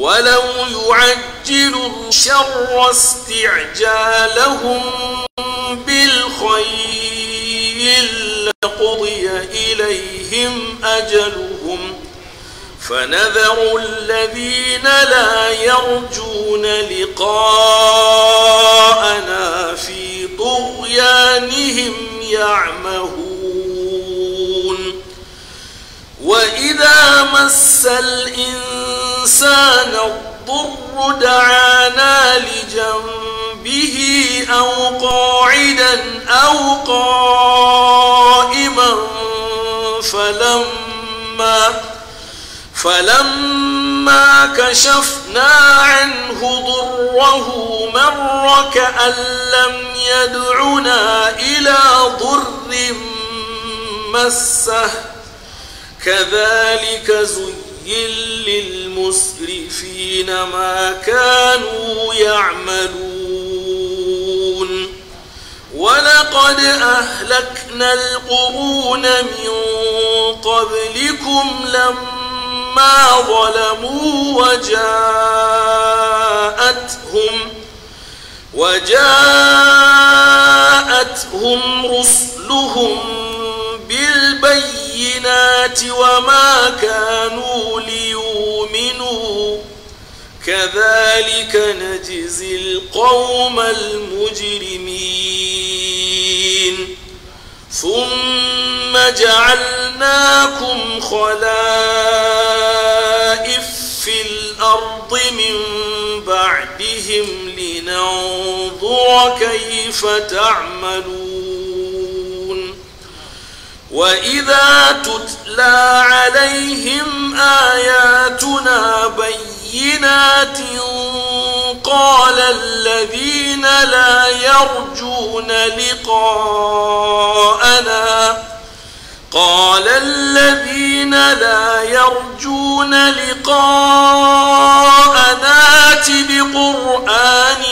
ولو يعجل الشر استعجالهم بالخير لقضي إليهم أجلهم فنذر الذين لا يرجون لقاءنا في طغيانهم يعمهون وإذا مس الإنسان الإنسان الضر دعانا لجنبه أو قاعدا أو قائما فلما فلما كشفنا عنه ضره مر كأن لم يدعنا إلى ضر مسه كذلك زين للمسرفين ما كانوا يعملون ولقد أهلكنا القرون من قبلكم لما ظلموا وجاءتهم وجاءتهم رسلهم بالبين بالبينات وما كانوا ليؤمنوا كذلك نجزي القوم المجرمين ثم جعلناكم خلائف في الأرض من بعدهم لننظر كيف تعملون وإذا تتلى عليهم آياتنا بينات قال الذين لا يرجون لقاءنا قال الذين لا يرجون لقاءنا بقرآن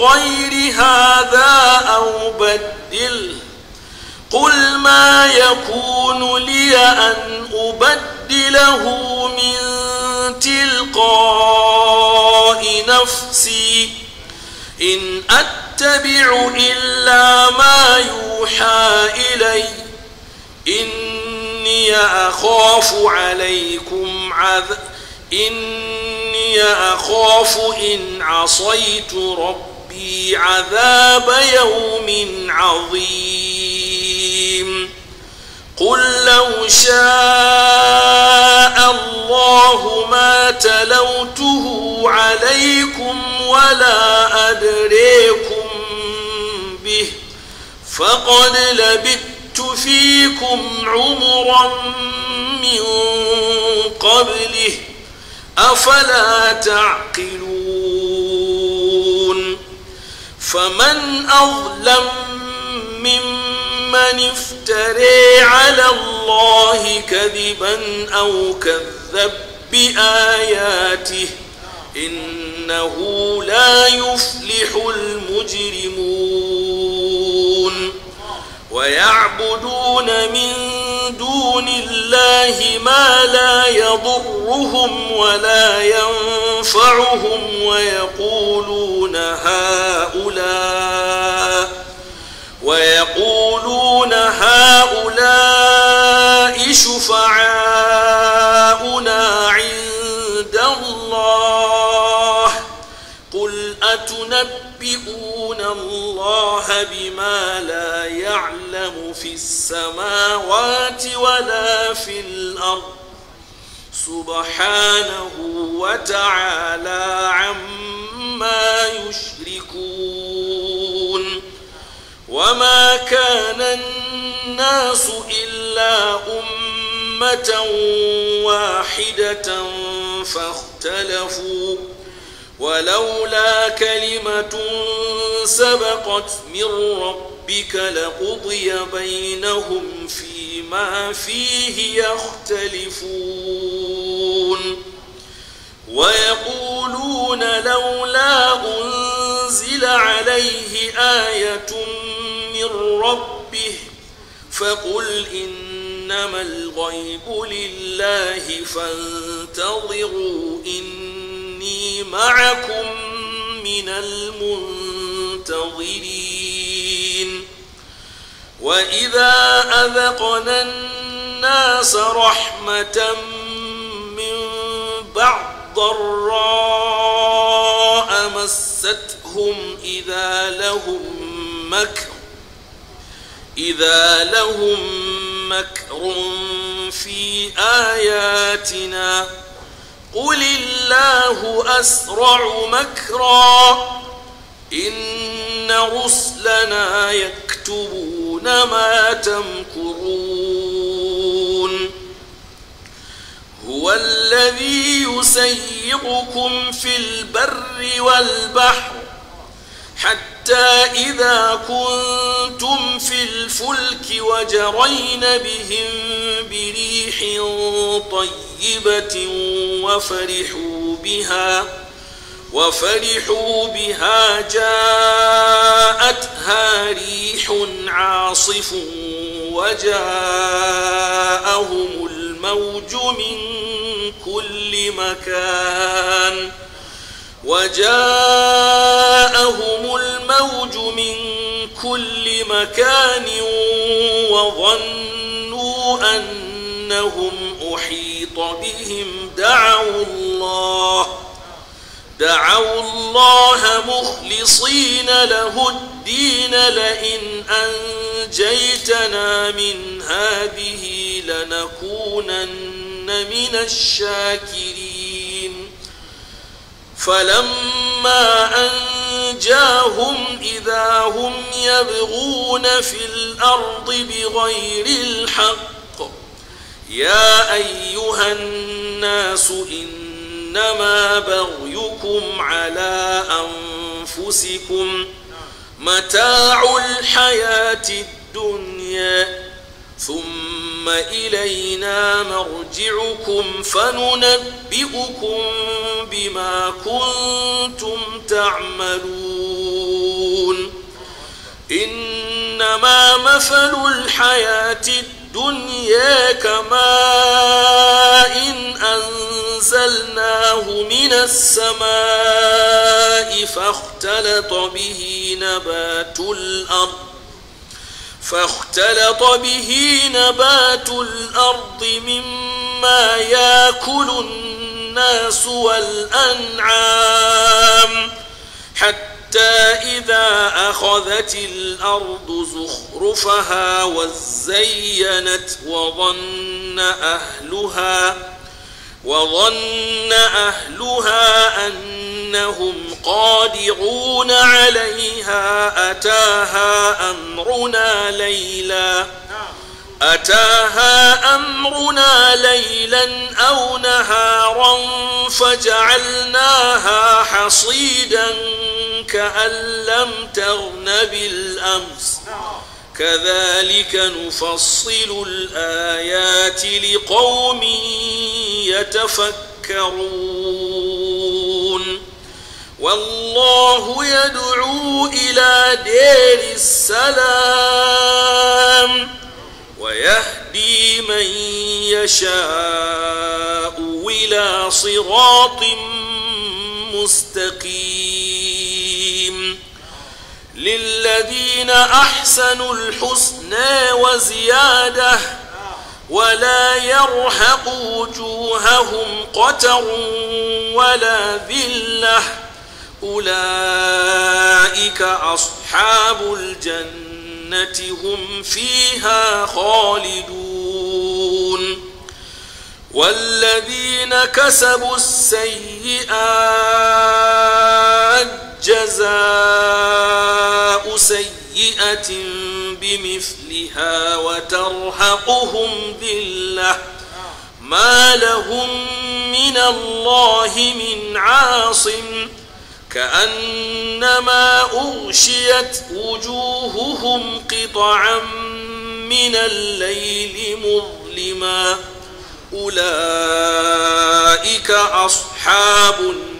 غير هذا أو بدله قل ما يكون لي أن أبدله من تلقاء نفسي إن أتبع إلا ما يوحى إلي إني أخاف عليكم عذاب إني أخاف إن عصيت ربي عذاب يوم عظيم قل لو شاء الله ما تلوته عليكم ولا أدريكم به فقد لبثت فيكم عمرا من قبله أفلا تعقلون فمن أظلم ممن من افتري على الله كذبا أو كذب بآياته إنه لا يفلح المجرمون ويعبدون من دون الله ما لا يضرهم ولا ينفعهم ويقولون هؤلاء ويقولون هؤلاء شفعاؤنا عند الله قل أتنبئون الله بما لا يعلم في السماوات ولا في الأرض سبحانه وتعالى عما يشركون وما كان الناس إلا أمة واحدة فاختلفوا ولولا كلمة سبقت من ربك لقضي بينهم فيما فيه يختلفون ويقولون لولا أنزل عليه آية من ربه فقل إنما الغيب لله فانتظروا إني معكم من المنتظرين وإذا أذقنا الناس رحمة من بعد ضراء مستهم إذا لهم مكر إذا لهم مكر في آياتنا قل الله أسرع مكرا إن رسلنا يكتبون ما تمكرون هو الذي يسيركم في البر والبحر حتى حتى إذا كنتم في الفلك وجرين بهم بريح طيبة وفرحوا بها وفرحوا بها جاءتها ريح عاصف وجاءهم الموج من كل مكان وجاءهم الموج من كل مكان وظنوا أنهم أحيط بهم دعوا الله دعوا الله مخلصين له الدين لئن أنجيتنا من هذه لنكونن من الشاكرين فلما أنجاهم إذا هم يبغون في الأرض بغير الحق يا أيها الناس إنما بغيكم على أنفسكم متاع الحياة الدنيا ثم ثم إلينا مرجعكم فننبئكم بما كنتم تعملون إنما مثل الحياة الدنيا كماء إن أنزلناه من السماء فاختلط به نبات الأرض فاختلط به نبات الأرض مما يأكل الناس والأنعام حتى إذا أخذت الأرض زخرفها وزينت وظن أهلها وظن أهلها أنهم قادرون عليها أتاها أمرنا ليلا أتاها أمرنا ليلا أو نهارا فجعلناها حصيدا كأن لم تغن بالأمس كذلك نفصل الآيات لقوم يتفكرون والله يدعو إلى دير السلام ويهدي من يشاء إلى صراط مستقيم للذين أحسنوا الحسنى وزيادة ولا يرهق وجوههم قتر ولا ذلة أولئك أصحاب الجنة هم فيها خالدون والذين كسبوا السيئات جزاء سيئة بمثلها وترهقهم ذلة ما لهم من الله من عاصم كأنما أغشيت وجوههم قطعا من الليل مظلما أولئك أصحاب النار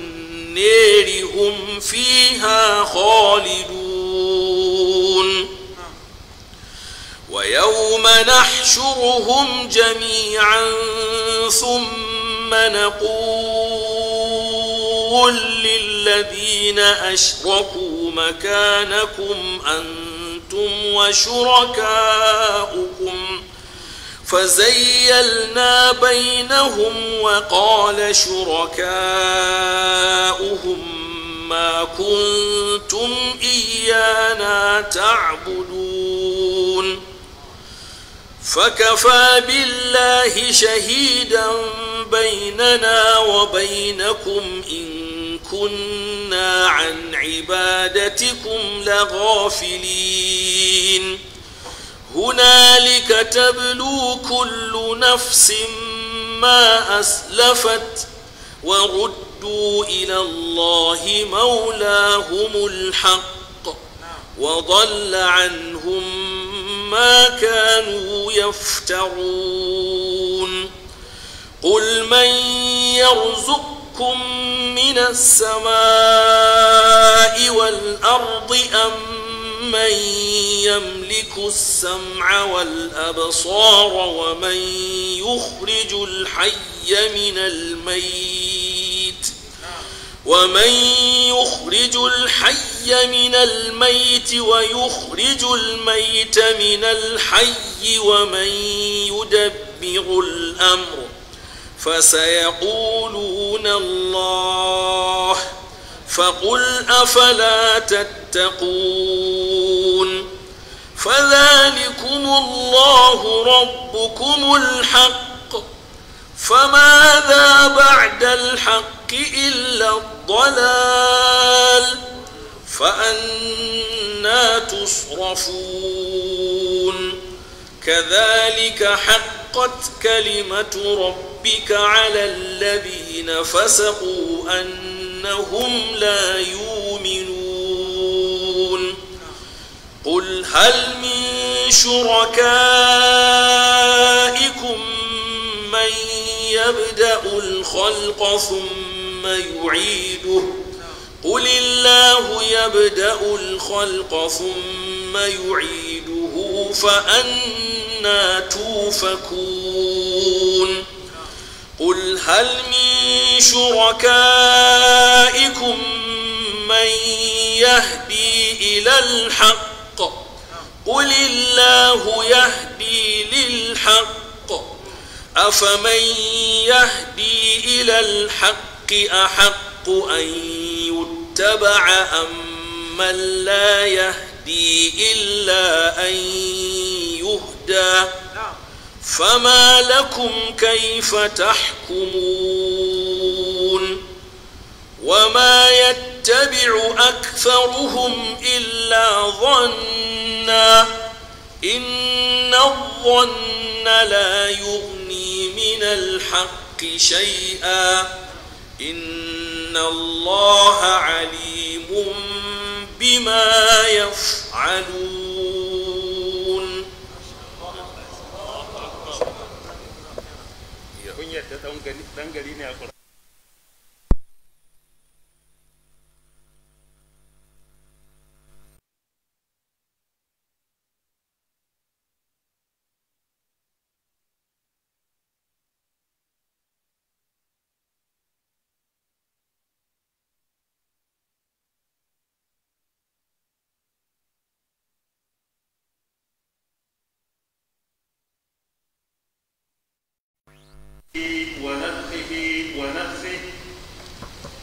النار هم فيها خالدون ويوم نحشرهم جميعا ثم نقول للذين أشركوا مكانكم أنتم وشركاؤكم فزيلنا بينهم وقال شركاؤهم ما كنتم إيانا تعبدون فكفى بالله شهيدا بيننا وبينكم إن كنا عن عبادتكم لغافلين هنالك تبلو كل نفس ما أسلفت وردوا إلى الله مولاهم الحق وضل عنهم ما كانوا يفترون قل من يرزقكم من السماء والأرض أم من يملك السمع والأبصار ومن يخرج الحي من الميت ومن يخرج الحي من الميت ويخرج الميت من الحي ومن يدبر الأمر فسيقولون الله فقل أفلا تتقون تتقون فذلكم الله ربكم الحق فماذا بعد الحق إلا الضلال فأنا تصرفون كذلك حقت كلمة ربك على الذين فسقوا أنهم لا يؤمنون قل هل من شركائكم من يبدأ الخلق ثم يعيده قل الله يبدأ الخلق ثم يعيده فأنا توفكون قل هل من شركائكم من يهدي إلى الحق الحق قل الله يهدي للحق أفمن يهدي إلى الحق أحق أن يتبع أم من لا يهدي إلا أن يهدى فما لكم كيف تحكمون وما يتبع أكثرهم إلا ظنا إن الظن لا يغني من الحق شيئا إن الله عليم بما يفعلون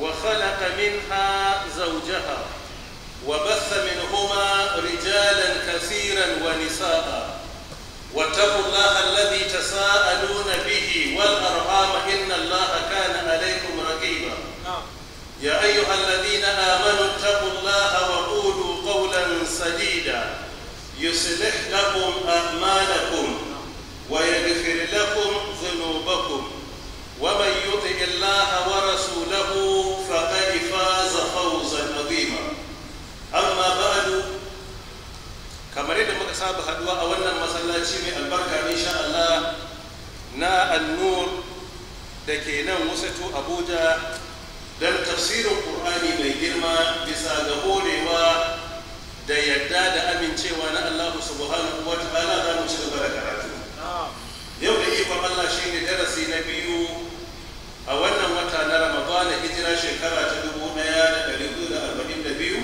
وخلق منها زوجها وبث منهما رجالا كثيرا ونساء واتقوا الله الذي تساءلون به والارحام ان الله كان عليكم رقيبا نعم. يا ايها الذين امنوا اتقوا الله وقولوا قولا سديدا يصلح لكم اعمالكم ويغفر لكم ذنوبكم ومن يطع الله ورسوله فقد فاز فوزا عظيما اما بعد kamar yadda muka saba haɗuwa a wannan masallaci mai albarka insha Allah na annur da ke nan wasatu abuja don tafsirin ƙur'ani mai girma bisa ga horewa da yadda da amincewa na Allah subhanahu wa ta'ala za mu ci gaba da karatu yau da ikon Allah shine darasi na biyu a wannan wata na ramadana hijira shekara ta dubu ɗaya da ɗari biyu da arba'in da biyu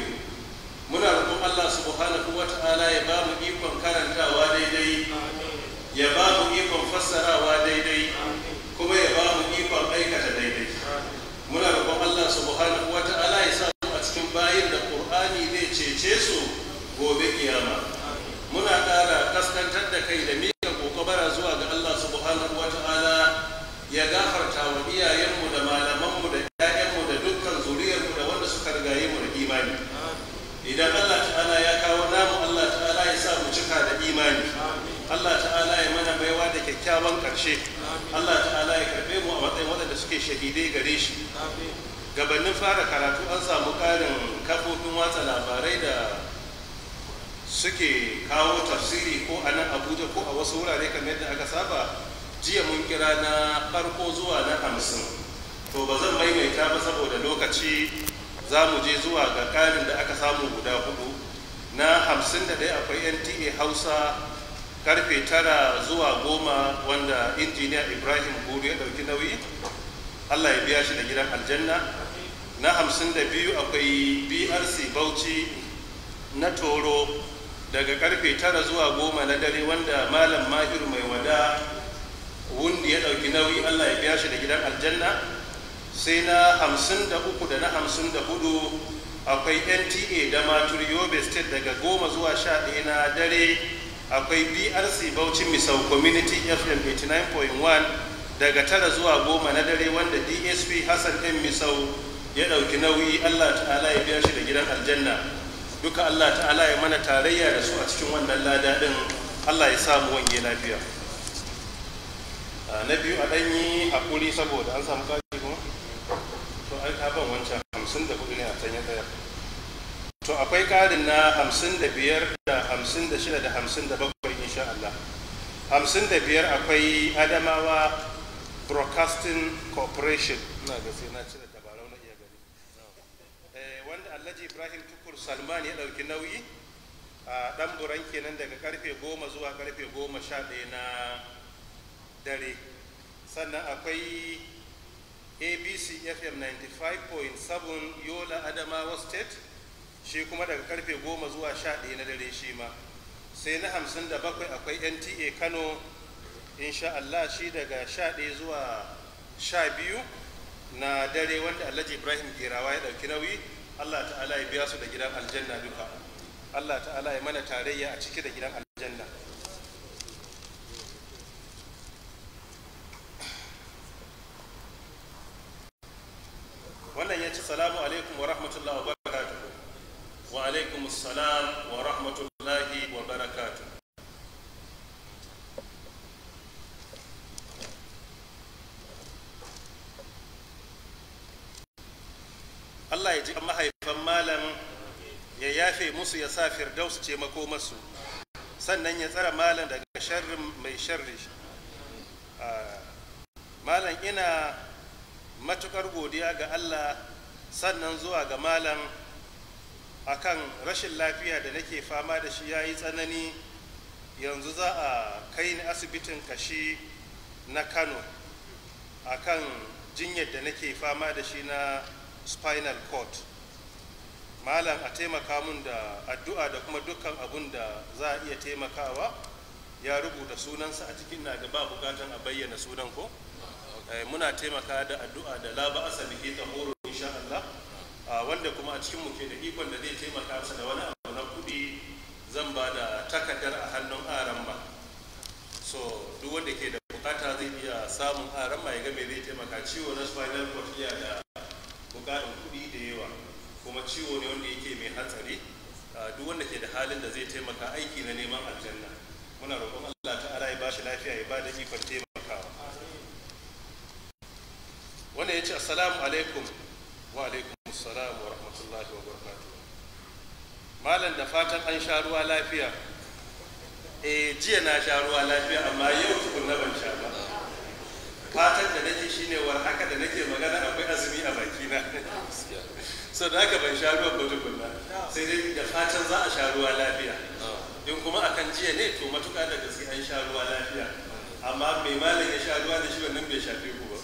muna roƙon allah subhanahu wa ta'ala ya ba mu ikon karantawa daidai ya ba mu ikon fassarawa daidai kuma ya ba mu ikon aikata daidai muna roƙon allah subhanahu wa ta'ala ya sa mu a cikin bayin da ƙur'ani zai cece su gobe kiyama muna ƙara kaskantar da kai da miƙa kokobara zuwa ga allah subhanahu wa ta'ala ya gafarta wa iyayenmu da malamanmu da ƴaƴanmu da dukkan zuriyarmu da wanda suka rigaye mu da imani idan Allah ta'ala ya kawo namu Allah ta'ala ya sa mu cika da imani Allah ta'ala ya mana baiwa da kyakkyawan ƙarshe Allah ta'ala ya karɓe mu a matsayin waɗanda suke shahidai gare shi gabanin fara karatu an samu ƙarin kafofin watsa labarai da suke kawo tafsiri ko a nan abuja ko a wasu wurare kamar yadda aka saba jiya mun kira na farko zuwa na hamsin to ba zan maimaita ba saboda lokaci za mu je zuwa ga ƙarin da aka samu guda hudu na hamsin da dai akwai nta hausa karfe tara zuwa goma wanda injiniya ibrahim buru ya ɗauki nauyi allah ya biya shi da gidan aljanna na hamsin da biyu akwai brc bauchi na toro daga karfe tara zuwa goma na dare wanda malam mahir mai wada wanda ya ɗauki nauyi Allah ya biya shi da gidan aljanna sai na hamsin da uku da na hamsin da hudu akwai nta da matur yobe state daga goma zuwa sha ɗaya na dare akwai brc bauchi misau community fm 89.1 daga tara zuwa goma na dare wanda dsp hassan m misau ya ɗauki nauyi allah ta'ala ya biya shi da gidan aljanna duka allah ta'ala ya mana tarayya da su a cikin wannan lada allah ya samu wange lafiya Ah, na biyu a ɗan yi kuri saboda an samu ƙari kuma to an ban wancan hamsin da hudu ne a tanya ɗaya. to akwai ƙarin na hamsin da biyar da hamsin da shida da hamsin da bakwai insha Allah hamsin da biyar akwai adamawa broadcasting corporation na ga sai na cire dabarau na iya gani eh, wanda alhaji ibrahim tukur salman ya ɗauki nauyi a ah, ɗan buran kenan daga karfe goma zuwa karfe goma sha ɗaya na dare sannan akwai abc fm 95.7 yola adamawa state shi kuma daga karfe 10 zuwa 11 na dare shi ma sai na 57 akwai nta kano insha allah shi daga 11 zuwa 12 na dare wanda alhaji ibrahim gerawa ya dauki nauyi allah ta'ala ya biya su da gidan aljanna duka allah ta'ala ya mana tarayya a ciki da gidan aljanna wannan ya ci salamu alaikum wa rahmatullahi wa barakatu wa alaikum salam wa rahmatullahi wa barakatu. Allah ya ji mahaifan malam ya yafe musu ya sa firdaus ce makomarsu masu sannan ya tsara malam daga sharrin mai sharri ah, malam ina matukar godiya ga Allah sannan zuwa ga malam akan rashin lafiya da nake fama da shi yayi tsanani yanzu za a kai ni asibitin kashi na Kano akan jinyar da nake fama da shi na spinal cord malam a taimaka mun da addu'a da kuma dukkan abun da za a iya taimakawa ya rubuta sunansa a cikin na da ba bukatan a bayyana sunan ko? Eh, muna taimaka da addu'a da laba la ke bihi tahuru insha Allah ah, wanda kuma a cikin mu ke da ikon da zai taimaka su da wani abu na kuɗi zan ba da takardar a hannun aran ba so duk wanda ke da bukata zai iya samun aran ma ya ga me zai taimaka ciwo na spinal cord ya da bukatun kuɗi da yawa kuma ciwo ne wanda yake mai hatsari ah, duk wanda ke da halin da zai taimaka aiki na neman aljanna muna roƙon Allah ta'ala ya bashi lafiya ya ba da ikon taimaka ce assalamu alaikum wa alaikum assalam wa rahmatullahi wa barakatu malam da fatan an sha ruwa lafiya eh jiya na sha ruwa lafiya amma yau tukun na ban sha ba fatan da nake shine war haka da nake magana akwai azumi a baki na so da haka ban sha ruwa ba tukun na sai dai da fatan za a sha ruwa lafiya in kuma akan jiya ne to matuƙa da gaske an sha ruwa lafiya amma mai malam ya sha ruwa da shi wannan bai shafe ku ba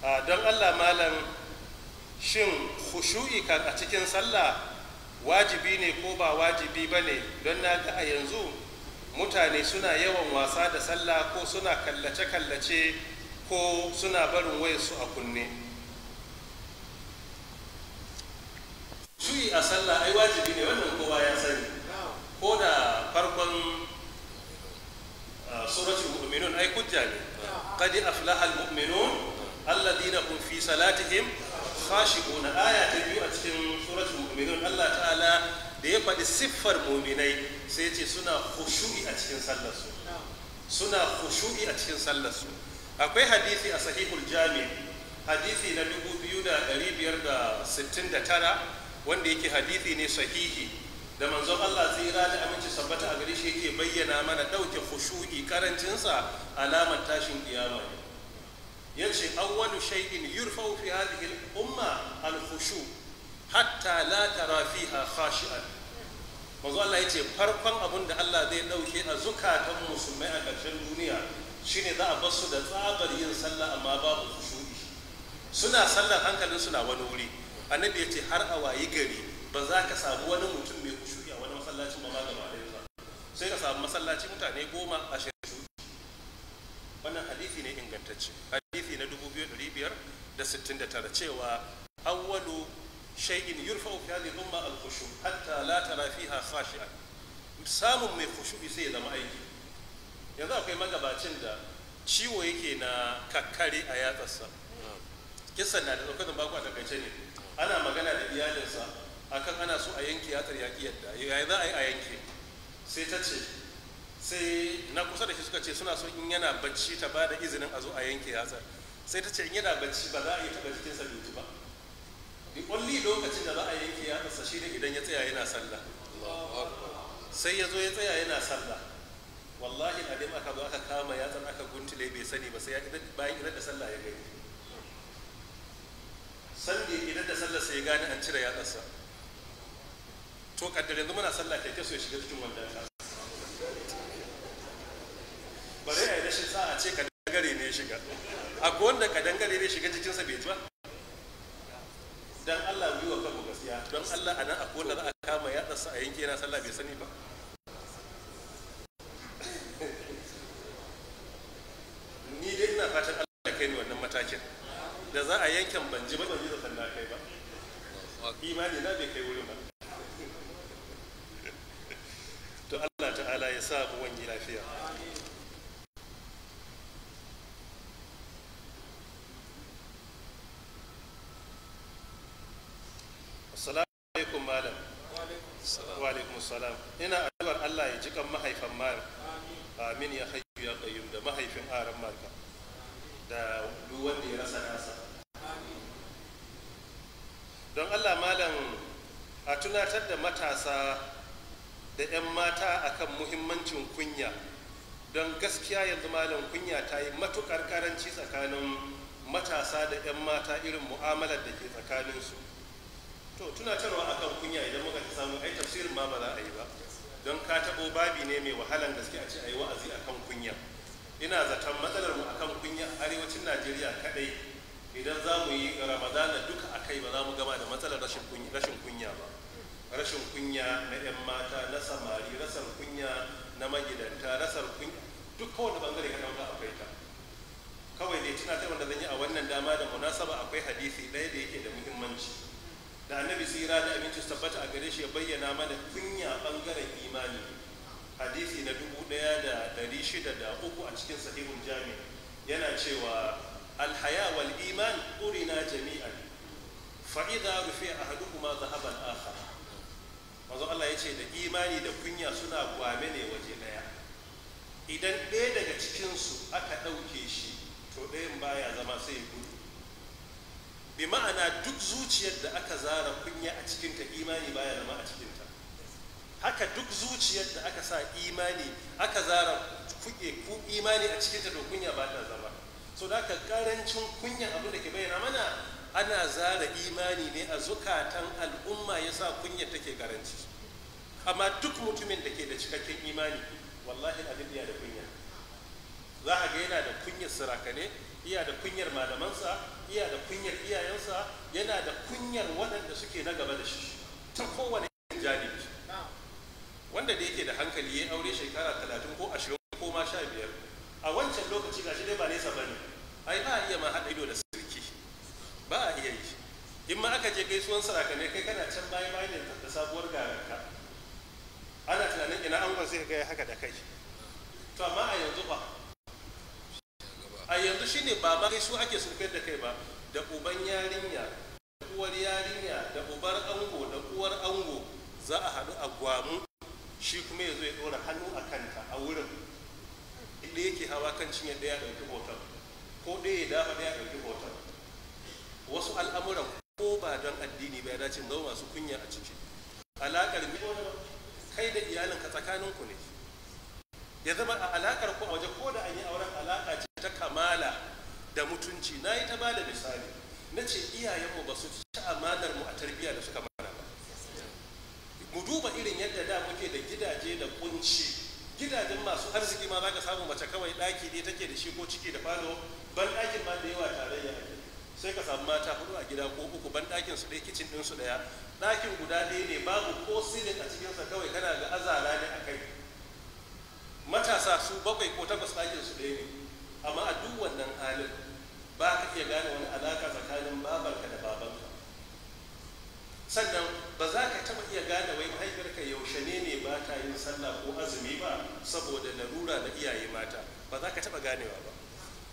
Ah, don allah malam shin khushu'i kan a cikin sallah wajibi ne ko ba wajibi ba ne don na ga a yanzu mutane suna yawan wasa da sallah ko suna kallace-kallace ko suna barin wayarsu a kunne shu'i a sallah ai wajibi ne wannan kowa ya sani ko da farkon ah, suratul mu'minun ai kujja ne qad aflaha al-mu'minun alladina hum fi salatihim khashi'un aya ta biyu a cikin suratul mu'minun Allah ta'ala da ya faɗi siffar mu'minai sai ya ce suna khushu'i a cikin sallar su suna khushu'i a cikin sallar su akwai hadisi a sahihul jami hadisi na 2569 wanda yake hadisi ne sahihi da manzon Allah tsira da aminci sabbata a gare shi yake bayyana mana ɗauke khushu'i karancinsa alamar tashin kiyama ne yace awwalu shay'in yurfa'u fi hadhihi al-umma al-khushu hatta la tara fiha khashi'an manzo Allah yace farkon abin da Allah zai dauke a zukatan musulmai a ƙarshen duniya shine za a bar su da tsabar yin sallah amma babu khushu'i suna sallar hankalin suna wani wuri annabi yace har a wayi gari ba za ka samu wani mutum mai khushu'i a wani masallacin ba ma gaba ɗaya sai ka samu masallaci mutane goma a ashirin wannan hadisi ne ingantacce da 69 cewa awwalu shay'in yurfa'u fi hadhihi umma al-khushu hatta la tara fiha khashi'an samun mai khushu'i sai zama aiki yanzu akwai magabacin da ciwo yake na kakkare a yatsarsa kisan na da tsokanin baku a takaice ne ana magana da iyalinsa akan ana so a yanke yatsar yaƙi yadda yayi za a yi a yanke sai ta ce sai na kusa da shi suka ce suna so in yana bacci ta ba da izinin a zo a yanke yatsar sai ta ce in yana bacci ba za a yi taɓa jikinsa dutu ba the only lokacin da za a yanke ya masa shi ne idan ya tsaya yana sallah sai ya zo ya tsaya yana sallah wallahi na dai aka zo aka kama ya tsara aka guntule bai sani ba sai ya bayan idan da sallah ya gani sanda idan da sallah sai ya gane an cire yatsarsa to kaddar yanzu muna sallah kai ta so ya shiga cikin wanda ka bare ya rashin sa a ce ka gare ne shiga akwai wanda gare ne shiga jikinsa bai ji ba dan Allah yi wa kanku gaskiya don Allah anan akwai wanda za a kama ya dasa a yanke na sallah bai sani ba ni dai ina fatan Allah ya kai ni wannan matakin da za a yankin ban ji ba ban ji da sallah kai ba imani na bai kai wurin ba to Allah ta'ala ya sa mu wani lafiya alaikum malam wa alaikum salam ina addu'ar Allah ya jikan mahaifan malam amin ya hayyu ya qayyum da mahaifin aran marka da duk wanda ya rasa nasa don Allah malam a tunatar da matasa da 'yan mata akan muhimmancin kunya don gaskiya yanzu malam kunya ta yi matukar karanci tsakanin matasa da 'yan mata irin mu'amalar da ke tsakaninsu to tuna tunatarwa akan kunya idan muka ta samu ai tafsirin ma ba za a yi ba don ka tabo babi ne mai wahalan gaske a ce a yi wa'azi akan kunya ina zaton matsalar mu akan kunya a arewacin najeriya kadai idan za mu yi ramadana duka a kai ba za mu gama da matsalar rashin kunya ba rashin kunya na 'yan mata na samari rasar kunya na magidanta rasar kunya duk kowane bangare ka dauka akwai ta kawai dai tuna ta wanda zan yi a wannan dama da munasaba akwai hadisi ɗaya da yake da muhimmanci da annabi tsira da aminci tabbata a gare shi ya bayyana mana kunya bangaren imani hadisi na dubu ɗaya da dari shida da uku a cikin sahihun jami yana cewa alhaya wal iman urina jami'an Fa'ida rufe a hadu kuma zahabar aka mazu Allah ya ce da imani da kunya suna gwame ne waje daya. idan ɗaya daga cikinsu aka ɗauke shi to ɗayan baya zama sai gudu bi ma'ana duk zuciyar da aka zara kunya a cikinta imani baya zama a cikinta haka duk zuciyar da aka sa imani aka zara kuke ku imani a cikinta da kunya ba ta zama so da aka karancin kunya abu da ke bayyana mana ana zara imani ne a zukatan al'umma yasa kunya take karanci amma duk mutumin da ke da cikakken imani wallahi abin da da kunya za a ga yana da kunyar sarakane iya da kunyar malamansa iya da kunyar iyayensa yana da kunyar waɗanda suke na gaba da shi ta kowane janibi wanda da yake da hankali ya aure shekara talatin ko ashirin ko ma sha biyar a wancan lokaci gashi dai ba nesa bane ai ba a iya ma haɗa ido da sirki ba a iya yi in ma aka je gaisuwan ne kai kana can baya bayan ne da sabuwar garanka ana tunanin ina an sai ka haka da kai to amma a yanzu ba a yanzu shine ba ma su ake sulfiyar da kai ba da uban yarinya da uwar yarinya da ubar ango da uwar ango za a haɗu a gwamu shi kuma ya zo ya ɗora hannu a kanta a wurin inda yake hawa kan cinye ɗaya ɗauki hoton ko ɗaya ya dafa ɗaya ɗauki hoton wasu al'amuran ko ba don addini ba ya dace zama masu kunya a ciki alaƙar kai da iyalinka tsakaninku ne ya zama a alaƙar ku a waje ko da an yi auren alaƙa ce ta kamala da mutunci na yi ta ba da misali na ce iyayenmu ba su ci amanar mu a tarbiyya da suka mara ba mu duba irin yadda da muke da gidaje da kunci gidajen masu arziki ma ka samu mace kawai daki ne take da shi ko ciki da falo ban dakin ma da yawa tarayya sai ka samu mata hudu a gida ko uku ban dakin su ɗaya kicin ɗin su ɗaya ɗakin guda ɗaya ne babu ko silin a cikinsa kawai kana ga azara ne a kai matasa su bakwai ko takwas ɗakin su ɗaya ne amma a duk wannan halin ba ka iya gane wani alaka tsakanin babarka da babanka sannan ba za ka taɓa iya gane wai mahaifiyarka yaushe ne ne ba ta yin sallah ko azumi ba saboda larura da iyaye mata ba za ka taɓa ganewa ba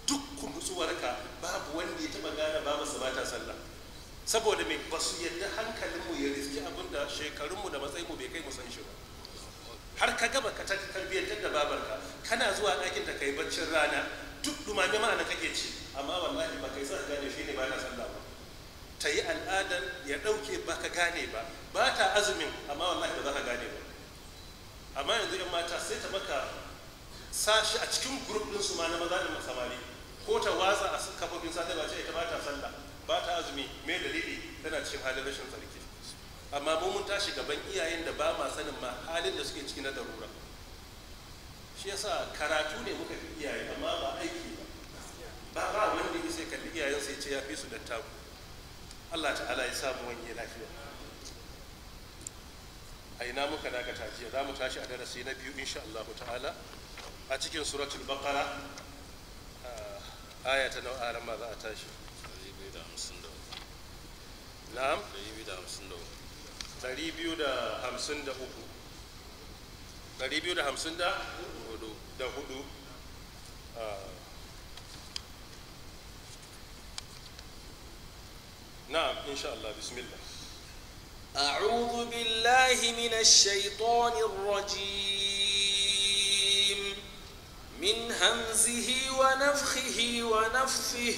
duk kumutsuwarka babu wanda ya taɓa gane babarsa ba ta sallah saboda mai ba yadda hankalinmu ya riski abin shekarunmu da matsayinmu bai kai mu san shi ba har ka gaba ka tarbiyyantar da babarka kana zuwa ɗakin da kai baccin rana duk dumame ma'ana kake ci amma wallahi baka kai gane shi ne ba ta ba ta yi al'adar ya dauke baka gane ba ba ta azumin amma wallahi ba za ka gane ba amma yanzu yan mata sai ta maka sashi a cikin guruf din su ma na maza da samari ko ta watsa a kafofin sadarwa ce ita ba ta sallah ba ta azumi me dalili tana cikin halin rashin tsarki amma mun tashi gaban iyayen da ba ma sanin ma halin da suke ciki na darura shi yasa karatu ne muka fi iyaye amma ba aiki ba ba ba wanda ya sai kalli iyayensa ya ce ya fi su da taku Allah ta'ala ya samu wanye lafiya a ina muka dakata jiya za mu tashi a darasi na biyu insha Allah ta'ala a cikin suratul baqara ah, aya ta nawa ran ma za a tashi na'am 253 253 da hudu آه. نعم إن شاء الله بسم الله أعوذ بالله من الشيطان الرجيم من همزه ونفخه ونفثه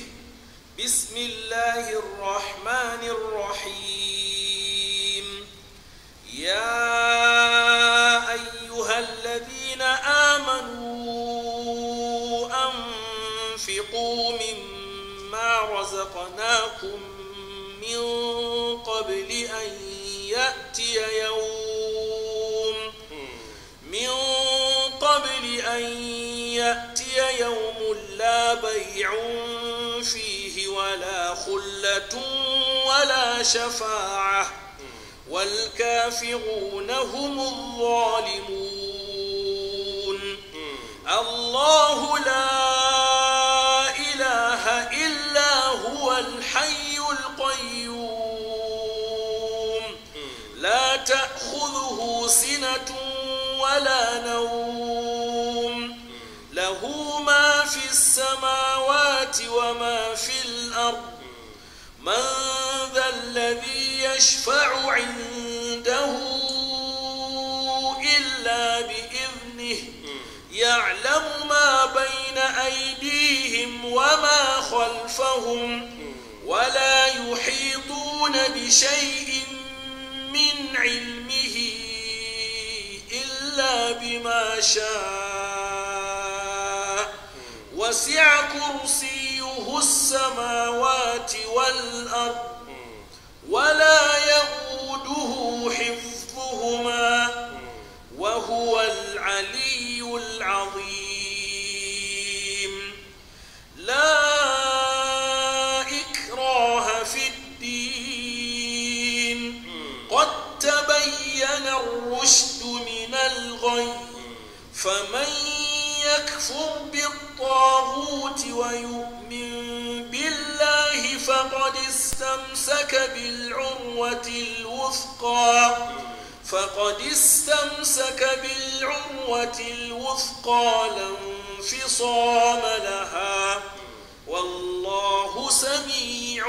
بسم الله الرحمن الرحيم يا لكم من قبل أن يأتي يوم من قبل أن يأتي يوم لا بيع فيه ولا خلة ولا شفاعة والكافرون هم الظالمون الله لا القيوم لا تأخذه سنة ولا نوم له ما في السماوات وما في الأرض من ذا الذي يشفع عنده إلا بإذنه يعلم ما بين أيديهم وما خلفهم ولا يحيطون بشيء من علمه إلا بما شاء وسع كرسيه السماوات والأرض ولا يؤوده حفظهما وهو العلي العظيم لا فمن يكفر بالطاغوت ويؤمن بالله فقد استمسك بالعروة الوثقى فقد استمسك بالعروة الوثقى لانفصام لها والله سميع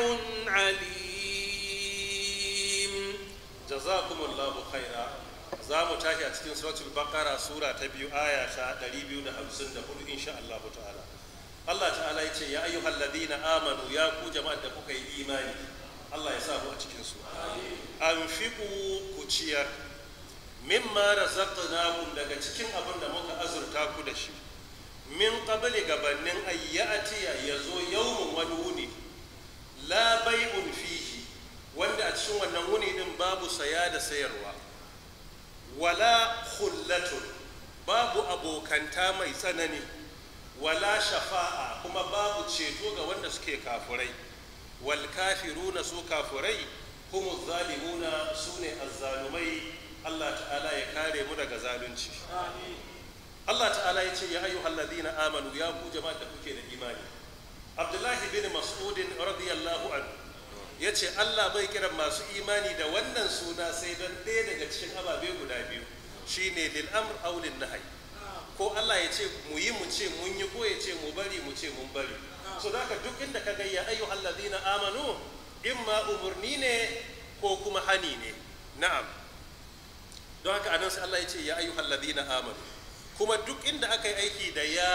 عليم جزاكم الله خيرا za mu tashi a cikin suratul bakara sura ta biyu aya ta 254 insha Allah ta'ala Allah ta'ala ya ce ya ayyuhal ladina amanu ya ku jama'ar da kuka yi imani Allah ya sa mu a cikin su anfiqu ku ciyar mimma razaqnakum daga cikin abin da muka azurta ku da shi min qabli gabanin ya yazo yawmun wani wuni la bai'un fihi wanda a cikin wannan wuni din babu saya da sayarwa wala hullatun babu abokanta mai tsanani wala shafa'a kuma babu ceto ga wanda suke kafurai wal kafiruna su kafurai humu zalimuna su ne azzalumai Allah ta'ala ya kare mu daga zalunci Allah ta'ala ya ce ya ayyuhal amanu ya ku jama'a da kuke da imani Abdullahi bin Mas'udin radiyallahu anhu ya ce allah bai kiran masu imani da wannan suna sai don ɗaya daga cikin ababe guda biyu shine lil amr aw na nahy ko allah ya ce mu yi mu ce mun yi ko ya ce mu bari mu ce mun bari so da duk inda ka gayya ayu allazina amanu imma umurni ne ko kuma hani ne na'am don haka anan sai allah ya ce ya ayu amanu kuma duk inda aka yi aiki da ya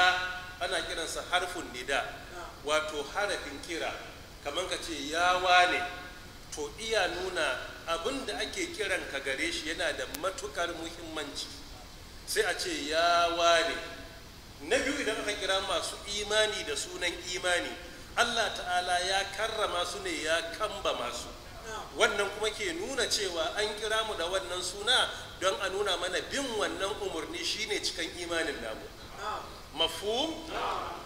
ana kiransa harfin nida wato harafin kira kamar ka ce ya wane to iya nuna abin da ake kiran ka gare shi yana da matukar muhimmanci sai a ce ya wane na biyu idan aka kira masu imani da sunan imani allah ta'ala ya karrama su ne ya kamba masu wannan kuma ke nuna cewa an kira mu da wannan suna don a nuna mana bin wannan umarni shine cikan imanin namu mafhum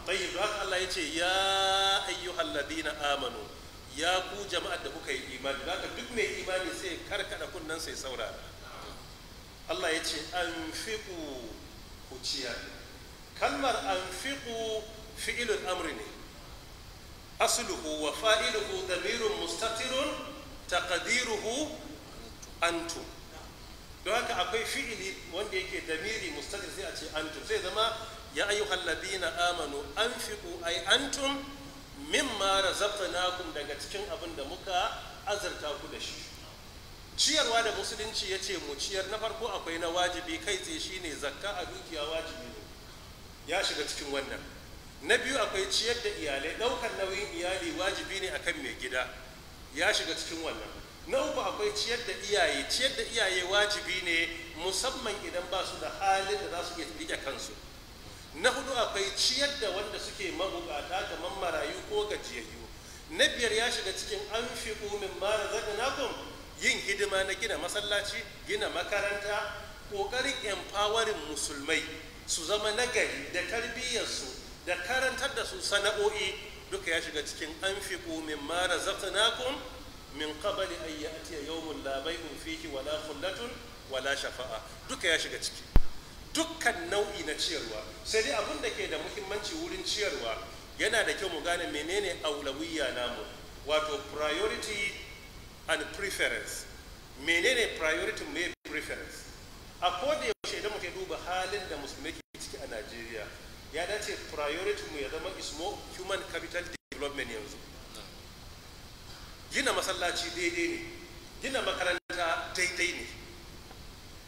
tayyib haka Allah ya ce ya ayyuhal ladina amanu ya ku jama'ar da kuka yi imani haka duk mai imani sai karkada kunnan sai saurara Allah ya ce anfiqu ku ciyar kalmar anfiqu fi'ilul amri ne asluhu wa fa'iluhu damirun mustatirun taqdiruhu antum don haka akwai fi'ili wanda yake damiri mustadir sai a ce antum zai zama ya ayyuhal na amanu fiƙo ai antum mimma razaqnakum daga cikin abin da muka azurta ku da shi ciyarwa da musulunci ya ce mu ciyar na farko akwai na wajibi kai tsaye ne zakka a dukiya wajibi ne ya shiga cikin wannan na biyu akwai ciyar da iyalai ɗaukar nauyin iyali wajibi ne akan mai gida ya shiga cikin wannan na uku akwai ciyar da iyaye ciyar da iyaye wajibi ne musamman idan ba su da halin da za su iya rike kansu na hudu akwai ciyar da wanda suke mabukata kamar marayu ko gajiyayyu na biyar ya shiga cikin an fi umin mara zaɗinakon yin hidima na gina masallaci gina makaranta ƙoƙarin empowering musulmai su zama nagari da tarbiyyarsu da karantar da su sana'o'i duka ya shiga cikin an fi umin mara zaɗinakon min qabali an ya'tiya yawmun la bay'un fihi wala khullatun wala shafa'a duka ya shiga ciki dukkan nau'i na ciyarwa sai dai abin da ke da muhimmanci wurin ciyarwa yana da kyau mu gane menene aulawiyya namu wato priority and preference menene priority mu preference a koda yaushe idan muke duba halin da musulmai ke ciki a Najeriya ya dace priority mu ya zama is more human capital gina masallaci daidai ne gina makaranta daidai ne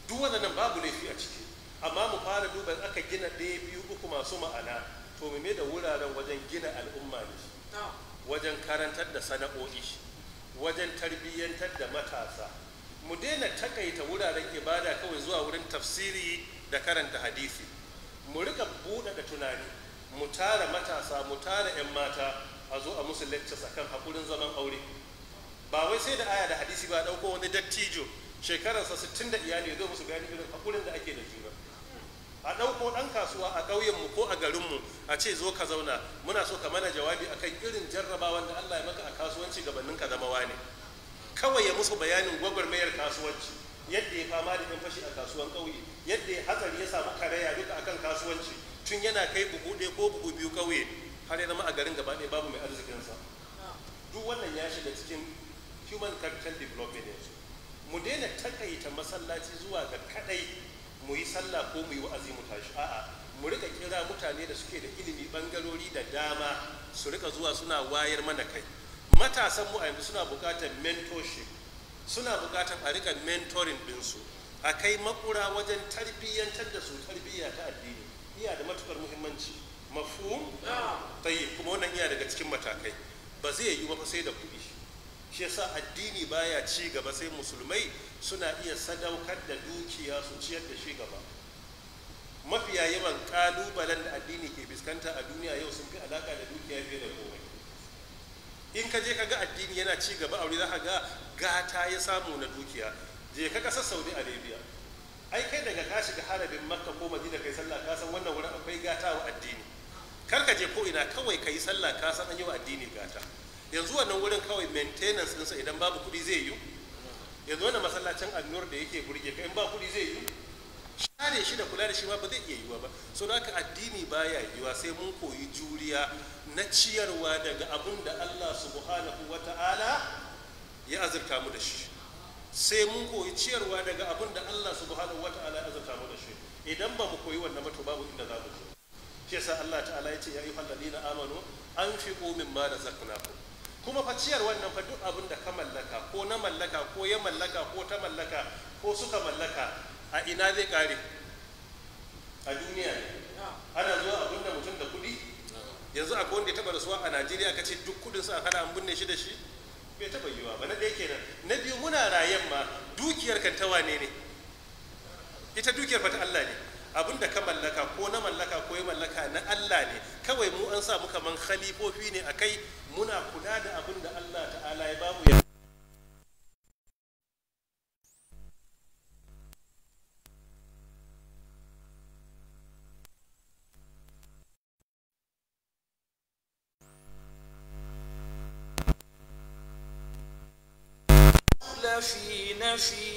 duk waɗannan babu laifi a ciki amma mu fara duba aka gina ɗaya biyu uku masu ma'ana to mu da wuraren wajen gina al'umma ne wajen karantar da sana'o'i wajen tarbiyyantar da matasa mu daina takaita wuraren ibada kawai zuwa wurin tafsiri da karanta hadisi mu rika da tunani mu tara matasa mu tara 'yan mata a zo a musu lectures akan haƙurin zaman aure ba wai sai da aya da hadisi ba dauko wani dattijo shekararsa 60 da iyali ya zo musu gani irin hakurin da ake da juna a dauko dan kasuwa a ƙauyenmu ko a garinmu a ce zo ka zauna muna so ka mana jawabi akan irin jarrabawan da Allah ya maka a kasuwanci gabanin ka zama wani kawai ya musu bayanin gwagwarmayar kasuwanci yadda ya fama da fashi a kasuwan kauye yadda ya hatsari ya samu karaya duka akan kasuwanci tun yana kai bugu ɗaya ko bugu biyu kauye har ya zama a garin gaba ɗaya babu mai arzikinsa duk wannan ya shiga cikin human capital development yanzu mu daina takaita masallaci zuwa ga kadai mu yi sallah ko mu yi wa'azi mu tashi a'a mu rika kira mutane da suke da ilimi bangarori da dama su rika zuwa suna wayar mana kai matasan mu a yanzu suna buƙatar mentorship suna buƙatar a rika mentoring dinsu a kai makura wajen tarbiyyantar da su tarbiyya ta addini iya da matukar muhimmanci mafhum tayyib kuma wannan iya daga cikin matakai ba zai yi ba sai da kuɗi shi yasa addini baya ci gaba sai musulmai suna iya sadaukar da dukiya su ciyar da shi gaba mafiya yawan kalubalen da addini ke fuskanta a duniya yau sun fi alaka da dukiya fiye da komai in ka je ka ga addini yana ci gaba a wuri za ka ga gata ya samu na dukiya je ka kasa saudi arabia ai kai daga ka shiga harabin makka ko madina kai sallah ka san wannan wurin akwai gata wa addini kar ka je ko ina kawai ka sallah ka san an yi wa addini gata yanzu wannan wurin kawai maintenance ɗinsa idan babu kuɗi zai yi yanzu wannan masallacin annur da yake burge ka in ba kuɗi zai yi share shi da kula da shi ma ba zai iya yiwa ba so da haka addini baya yiwa sai mun koyi juriya na ciyarwa daga abin da Allah subhanahu wata'ala ya azurta mu da shi sai mun koyi ciyarwa daga abin da Allah subhanahu wata'ala ya azurta mu da shi idan ba mu koyi wannan ba to babu inda za mu je shi yasa Allah ta'ala ya ce ya ayyuhal ladina amanu anfiqu mimma razaqnakum kuma fa ciyar wannan fa duk abin da ka mallaka ko na mallaka ko ya mallaka ko ta mallaka ko suka mallaka a ina zai kare a duniya ne. ana zuwa abin da mutum da kuɗi yanzu akwai wanda ya taɓa rasuwa a najeriya ka ce duk kuɗin a hada an binne shi da shi bai taba yiwa ba na ɗaya kenan na biyu muna rayan ma dukiyar kan ta wane ne ita dukiyar fata Allah ne abin da ka mallaka ko na mallaka ko ya mallaka na Allah ne kawai mu an sa muka man khalifofi ne a kai muna kula da abin da Allah ta'ala ya bamu ya في نفي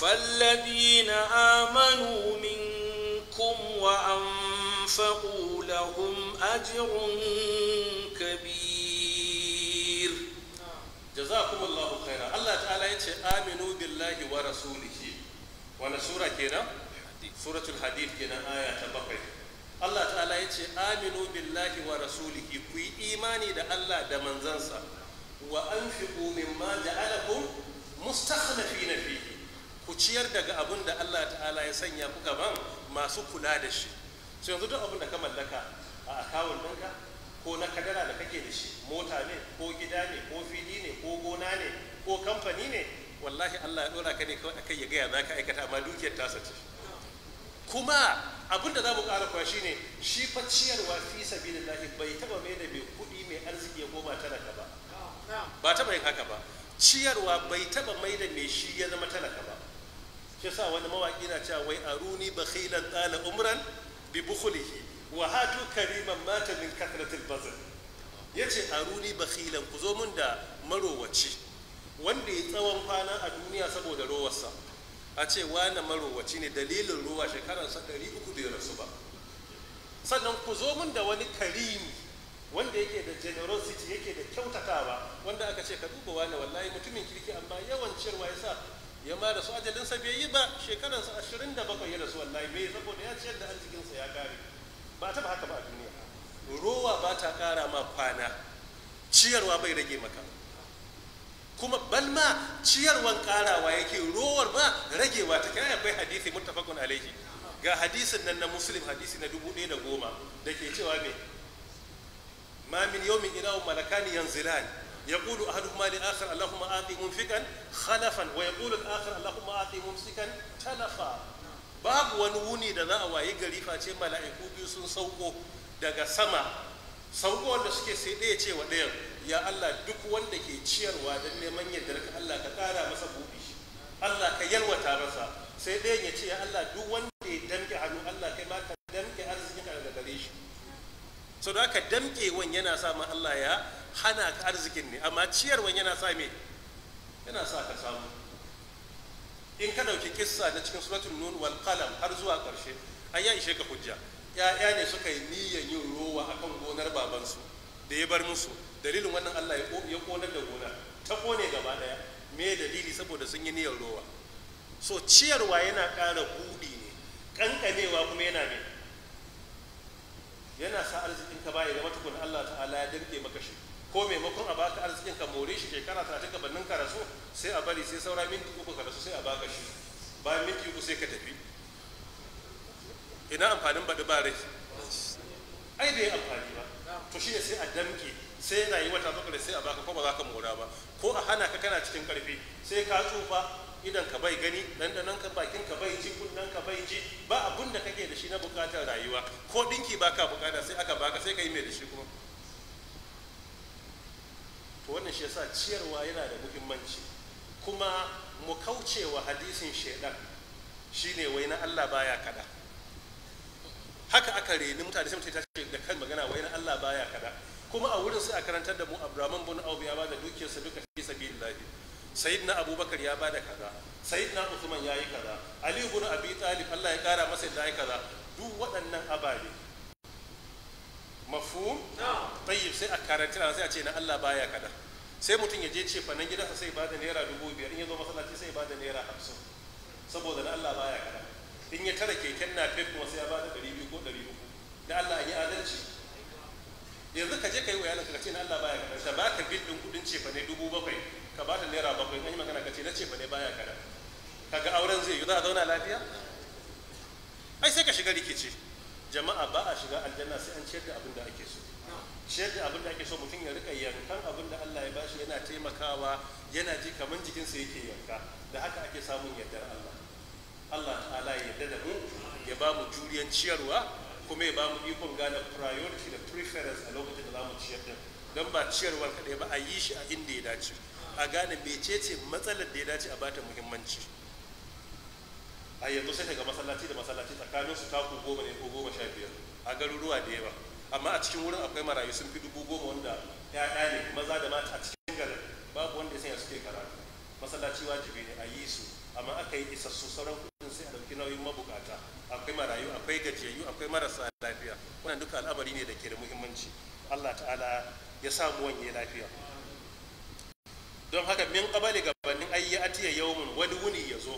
فالذين آمنوا منكم وأنفقوا لهم أجر كبير جزاكم الله خيرا الله تعالى آمنوا بالله ورسوله وانا سورة كنا سورة الحديد كنا آية بقية الله تعالى يتي آمنوا بالله ورسوله في إيماني دا الله دا منزنسا وأنفقوا مما جعلكم مستخلفين فيه ku ciyar daga abin da Allah ta'ala ya sanya ku gaban masu kula da shi so yanzu duk abin da ka mallaka a akawun ɗinka ko na kadara da kake da shi mota ne ko gida ne ko fili ne ko gona ne ko kamfani ne wallahi Allah ya ɗora ka ne kawai akai ya gaya za ka aikata amma dukiyar ta sace. kuma abin da za mu ƙara kuwa shine shi fa ciyarwa fi sabilillahi bai taba mai da mai kuɗi mai arziki ya goma talaka ba ba taba yin haka ba ciyarwa bai taba mai da mai shi ya zama talaka ba shi sa wani mawaƙi na cewa wai aruni bakhilan tsala umran bi bukhulihi wa hatu kariman mata min kathratil bazl yace aruni bakhilan ku zo mun da marowaci wanda ya tsawon kwana a duniya saboda rowarsa a ce wani marowaci ne dalilin ruwa sa ɗari uku bai rasu ba sannan ku zo mun da wani karimi wanda yake da generosity yake da kyautatawa wanda aka ce ka duba wani wallahi mutumin kirki amma yawan cewa ya sa ya ma rasu ajalinsa bai yi ba shekaransa ashirin da bakwai ya rasu wallahi bai saboda ya ciyar da arzikinsa ya kare ba taɓa haka ba a duniya rowa ba ta ƙara ma kwana ciyarwa bai rage maka kuma balma ciyarwan karawa yake rowar ba ragewa ta kai bai hadisi muttafaqun alaihi ga hadisin nan na muslim hadisi na dubu ɗaya da goma da ke cewa me ma min yawmin ina malakani yanzilani يقول أحدهما لآخر اللهم آتي منفقا خلفا ويقول الآخر اللهم آتي ممسكا تلفا babu wani wuni da za a wayi gari face mala'iku biyu sun sauko daga sama sauko wanda suke sai ɗaya ce wa ɗayan ya Allah duk wanda ke ciyarwa don neman yadda ka Allah ka ƙara masa buɗi Allah ka yalwata masa sai ɗayan ya ce ya Allah duk wanda ya damƙe hannu Allah kai ma ka arziki arzikin daga gare shi so da haka damƙewan yana sa ma Allah ya hana ka arzikin ne amma ciyarwan yana sa me yana sa ka samu in ka ɗauki kissa na cikin suratul nun wal qalam har zuwa ƙarshe an yi ishe ka hujja ya'ya ne suka yi niyyar yin rowa akan gonar babansu da ya bar musu dalilin wannan Allah ya konar da gona ta kone gaba daya me dalili saboda sun yi niyyar rowa so ciyarwa yana ƙara buɗi ne ƙanƙanewa kuma yana ne yana sa arzikin ka baya ga matukun Allah ta'ala ya dirke maka ko maimakon a baka arzikin ka more shi shekara ta ka gabanin ka rasu sai a bari sai saura minti uku ka rasu sai a baka shi bayan minti uku sai ka tafi ina amfanin baɗi ba rai ai bai amfani ba to ne sai a damke sai yi wata zo sai a baka ko ba za ka mora ba ko a hana ka kana cikin karfi sai ka tsufa idan ka bai gani dandanan ka bakin ka bai ji kunnan ka bai ji ba abun da kake da shi na bukatar rayuwa ko dinki baka bukata sai aka baka sai ka yi mai da shi kuma wannan shi yasa ciyarwa yana da muhimmanci kuma mu kaucewa hadisin shaidan shine wai na Allah baya kada haka aka reni mutane sai ta ce da kan magana wai na Allah baya kada kuma a wurin sai a karantar da mu Abdurrahman bin Auf ya bada sa duka fi sabilillah sayyidina Abubakar ya bada kaza sayyidina Uthman yayi kaza Ali ibn Abi Talib Allah ya kara masa da kaza duk waɗannan ababe mafu tayyib sai a karanta sai a ce na Allah baya kada sai mutum ya je ce fa nan gidansa sai bada naira dubu biyar in ya zo masallaci sai bada naira hamsin saboda na Allah baya kada in ya tara keken na fek kuma sai ya bada ɗari biyu ko ɗari uku da Allah an yi adalci yanzu ka je ka yi wayalan ka ce na Allah baya kada ta baka bil din kudin ce fa ne dubu bakwai ka bata naira bakwai in an yi magana ka ce na ce fa ne baya kada kaga auren zai yi za a zauna lafiya ai sai ka shiga rikici jama'a ba a shiga aljanna sai an ciyar da abin da ake so ciyar da abin da ake so mutum ya rika yankan abin da Allah ya bashi yana taimakawa yana ji kamar jikinsa yake yanka da haka ake samun yardar Allah Allah ta'ala ya yarda da mu ya ba mu juriyan ciyarwa kuma ya ba mu ikon gane priority da preference a lokacin da za mu ciyar da don ba ciyarwar kaɗai ba a yi shi a inda ya dace a gane mecece matsalar da ya dace a bata muhimmanci a yanzu sai daga masallaci da masallaci tsakanin su taku goma ne ko goma sha biyar a garuruwa da yawa amma a cikin wurin akwai marayu sun fi dubu goma wanda ɗaya ne maza da mata a cikin garin babu wanda ya sanya suke karatu masallaci wajibi ne a yi su amma aka yi isassu sauran kudin sai a ɗauki nauyin mabukata akwai marayu akwai gajiyayyu akwai marasa lafiya wannan duka al'amari ne da ke da muhimmanci allah ta'ala ya samu wanye lafiya don haka min ƙabali gabanin ayyi atiya yawmin wani wuni ya zo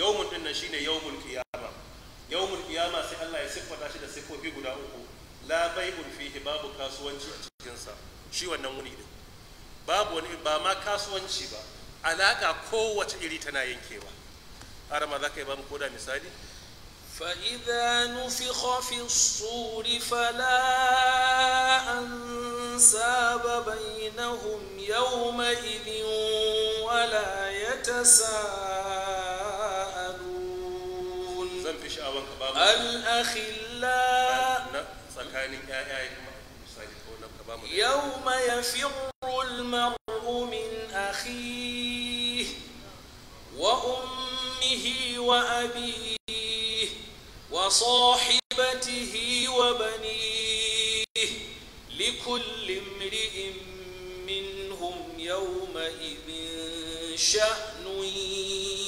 yawmun din nan shine yawmul qiyama yawmul qiyama sai Allah ya siffata shi da siffofi guda uku la bai'un fihi babu kasuwanci a cikin sa shi wannan wuni din babu wani ba ma kasuwanci ba alaka kowace iri tana yankewa har ma zaka yi ba mu koda misali فإذا نفخ في الصور فلا أنساب بينهم يومئذ ولا يتساءل sha'awan ka babu al-akhilla tsakanin ƴaƴa kuma misali ko nan ka bamu yawma yafirru al-mar'u min akhihi wa ummihi wa abihi wa sahibatihi wa banihi likulli imri'in minhum yawma idhin sha'nun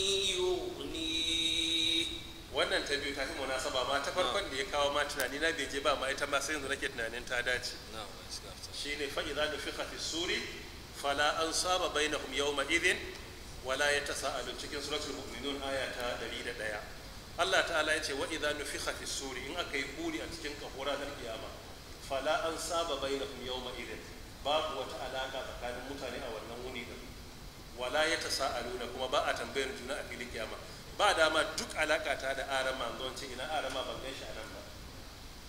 wannan ta biyu ta fi munasaba ma ta farkon da ya kawo ma tunani na bai je ba ma ita ma sai yanzu nake tunanin ta dace shi ne fa za nufiqa fi suri fala na kuma yawma idhin wala ya ta yatasaalu cikin suratul mu'minun aya ta da ɗaya Allah ta'ala yace wa idza nufiqa fi suri in aka yi buri a cikin kahura dan kiyama fala ansaba bainahum yawma idhin babu wata alaƙa tsakanin mutane a wannan wuni da wala yatasaaluna kuma ba a tambayar juna a filin kiyama ba dama duk alaka ta da arama zon ce ina arama ban gan shi a nan ba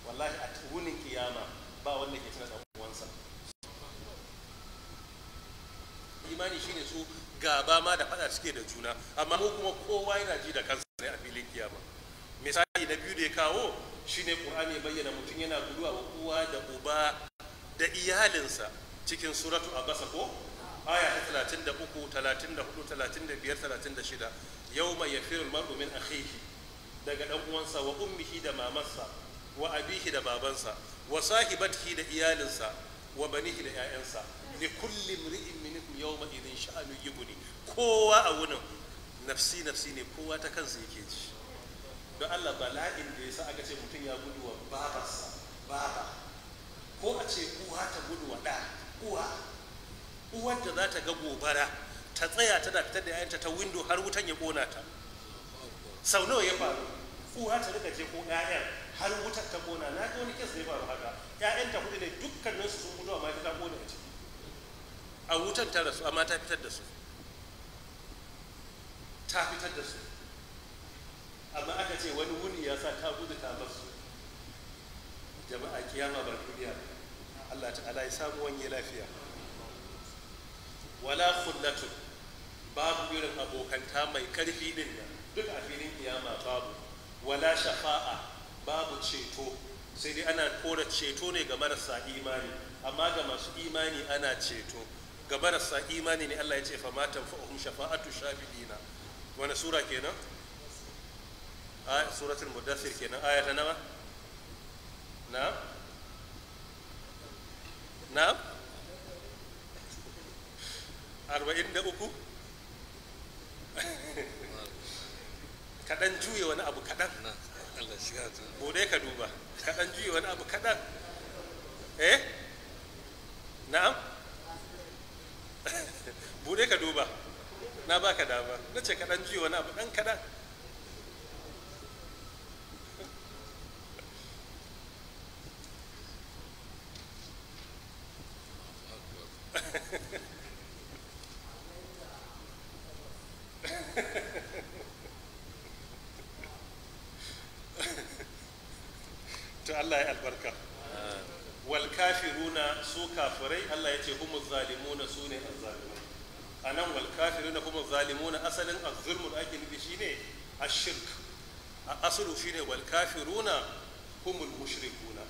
wallahi a tuhunin kiyama ba wanda ke tana uwansa imani shine su gaba ma da fada suke da juna amma ko kuma kowa yana ji da kansa ne a filin kiyama misali na biyu da ya kawo shine qur'ani bayyana mutum yana guduwa wa uwa da uba da iyalinsa cikin suratu a abasa ko aya ta 33 34 35 36 yawma yafirul mar'u min akhihi daga dan uwansa wa ummihi da mamarsa wa abihi da babansa wa sahibatihi da iyalinsa wa banihi da 'ya'yansa li kulli imri'in minkum yawma idhin sha'anu yughni kowa a wunin nafsi nafsi ne kowa ta kansa yake ji. don Allah bala'in da yasa aka ce mutum ya gudu wa babarsa baba ko a ce uwa ta gudu wa ɗa uwa uwar da za ta ga gobara ta tsaya tana fitar da 'ya'yanta ta windo har wutan ya kona ta sau nawa ya faru uwa ta rika je ko 'ya'yan har wutar ta kona na ga wani kes da ya faru haka 'ya'yanta hudu ne dukkanin su sun gudu amma ta kona a ciki a wutan ta rasu amma ta fitar da su ta fitar da su amma aka ce wani wuni ya sa ta gudu ta bar su jama'a kiyama ba duniya Allah ta'ala ya samu wani lafiya wala khullatun babu irin abokanta mai karfi din nan duk a filin kiyama babu wala shafa'a babu ceto sai dai ana kora ceto ne ga marasa imani amma ga masu imani ana ceto ga marasa imani ne Allah ya ce fa ma tanfa'uhum shafa'atu shafidina wani sura kenan suratul mudaththir kenan aya ta nawa na na 43 kaɗan juye wani abu kaɗan bude ka duba kaɗan juye wani abu kaɗan eh na'am bude ka duba na baka dama na ce kaɗan juye wani abu ɗan kaɗan Ha ha ha. to Allah ya albarka wal kafiruna su kafirai Allah ya ce humu zalimuna su ne azzalimai a nan wal kafiruna humu zalimuna asalin azzulmu da ake nufi shine ashirk a asalu shine wal kafiruna kuma mushrikuna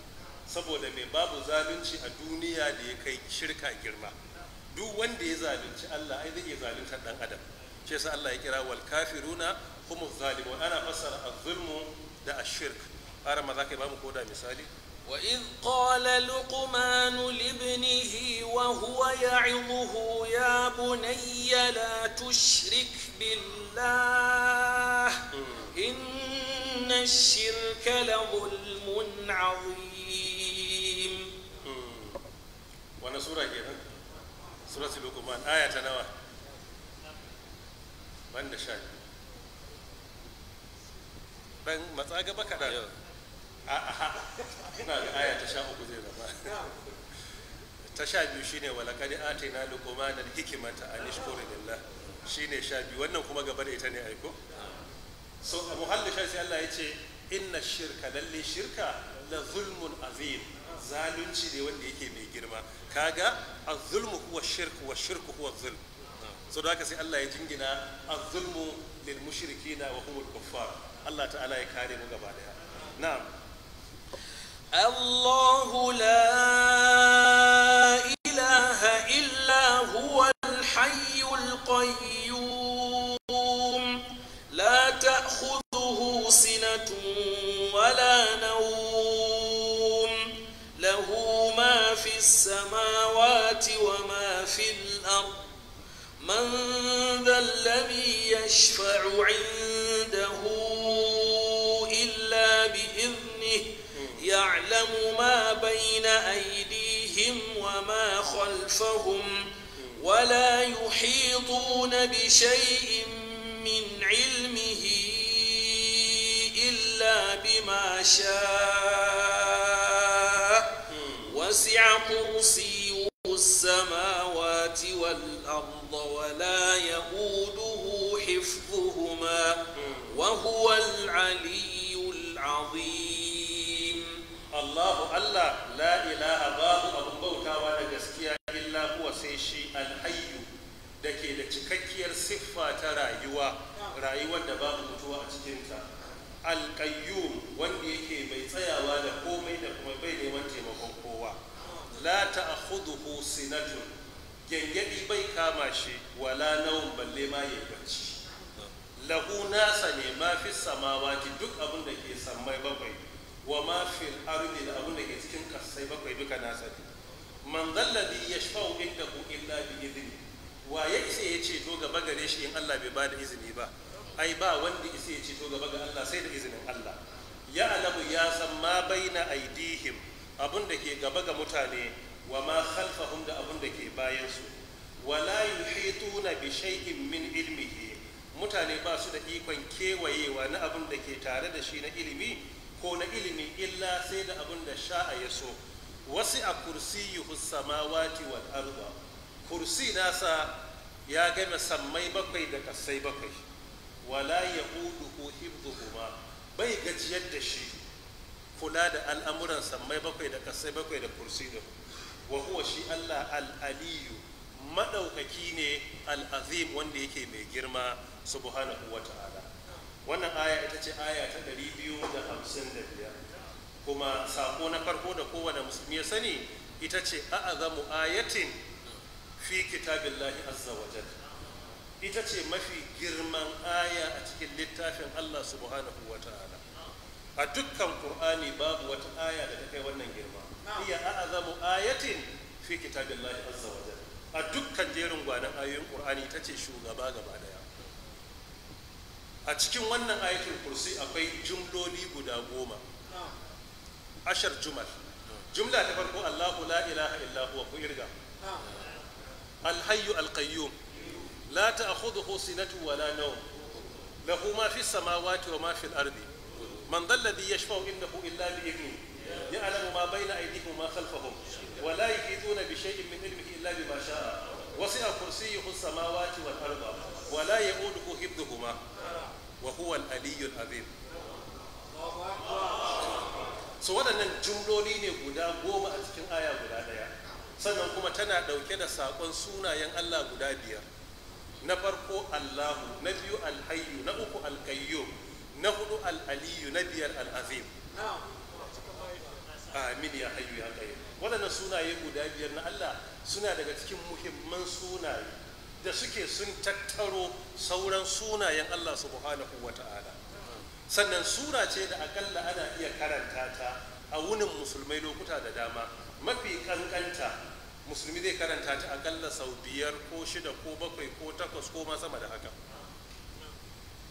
saboda mai babu zalunci a duniya da ya kai shirka girma duk wanda ya zalunci Allah ai zai iya zalunta dan adam ce sa Allah ya kira wal kafiruna humu zalimun ana fassara az-zulmu da ash-shirk ara maza ke ba mu koda misali wa id qala luqman li ibnihi wa huwa ya'iduhu ya bunayya la tushrik billah inna ash-shirka la zulmun 'azim hmm. wa nasura kenan suratul luqman aya ta nawa ban sha biyu Ɗan matsa gaba kaɗan a'a ina da aya ta sha uku zai zama ta sha biyu shine walakad atina luqman al-hikmata an yashkura lillah shine sha biyu wannan kuma gaba da ita ne aiko so muhalli sha sai Allah ya ce inna shirka lalle shirka la zulmun azim zalunci ne wanda yake mai girma kaga az-zulmu huwa shirku wa shirku huwa zulm so da haka sai Allah ya jingina az-zulmu lil mushrikina wa kuma kuffar Allah ta'ala ya kare mu gaba daya na'am Allahu la من ذا الذي يشفع عنده إلا بإذنه يعلم ما بين أيديهم وما خلفهم ولا يحيطون بشيء من علمه إلا بما شاء وسع كرسيه السماوات والأرض ولا يؤوده حفظهما وهو العلي العظيم الله الله لا إله غاب أبو بوتا ولا قسكيا إلا هو سيشي الحي da ke da cikakkiyar siffa ta rayuwa rayuwar da babu mutuwa a cikinta alƙayyum wanda yake mai tsayawa da komai da kuma bai neman taimakon kowa la ta'khudhuhu sinatun gengedi bai kama shi wala nawm balle ma yayi bacci lahu nasa ne ma fi samawati duk abin da ke sammai bakwai wa ma fil ardi da abin da ke cikin kasai bakwai duka nasa ne man zalladhi yashfa'u ku illa bi idni wa ya isa ya ce to gaba gare shi in Allah bai bada izini ba ai ba wanda isa ya ce to gaba ga Allah sai da izinin Allah ya alamu ya san ma baina aidihim abun da ke gaba ga mutane wa ma khalfahum da abun da ke bayan su la yuhituna bi shay'in min ilmihi mutane ba su da ikon kewayewa na abin da ke tare da shi na ilimi ko na ilimi illa sai da abin da sha'a ya so wasu a kursi kursiyuhu samawati wal arda kursi nasa ya gama sammai bakwai da kasai bakwai wala yahuduhu hibduhuma bai gajiyar da shi kula da al'amuran samai bakwai da kasai bakwai da kursi da wa huwa shi Allah Al'aliyu maɗaukaki ne Al'azim wanda yake mai girma subhanahu wa ta'ala wannan aya ita ce aya ta 255 kuma sako na farko da kowane musulmi ya sani ita ce a'azamu ayatin fi Lahi azza wa ita ce mafi girman aya a cikin littafin Allah subhanahu wa ta'ala a dukkan qur'ani babu wata aya da ta kai wannan girma hiya a'zamu ayatin fi kitabillahi azza wa jalla a dukkan jerin gwanan ayoyin qur'ani tace ce shugaba gaba daya a cikin wannan ayatul kursi akwai jumloli guda goma ashar jumal jumla ta farko allahu la ilaha illa huwa ku irga alhayyu alqayyum la ta'khudhuhu sinatu wa la nawm lahu ma fis samawati wa ma fil ardi man dhalladhi yashfa'u indahu illa bi idhnihi ya'lamu ma bayna aydihim wa ma khalfahum wa la yuhituna bi shay'in min ilmihi illa bima sha'a wasi'a kursiyyuhu as-samawati wal arda wa so waɗannan jumloli ne guda goma a cikin aya guda ɗaya sannan kuma tana ɗauke da saƙon sunayen Allah guda biyar na farko Allahu na biyu alhayyu na uku alkayyu na hudu al'aliyu na biyar al'azim. amin ya hayyu ya wadannan sunaye guda biyar na Allah suna daga cikin muhimman sunaye da suke sun tattaro sauran sunayen Allah subhanahu ta'ala. sannan sura ce da akalla ana iya karanta ta a wunin musulmai lokuta da dama mafi kankanta musulmi zai karanta ta akalla sau biyar ko shida ko bakwai ko takwas ko ma sama da haka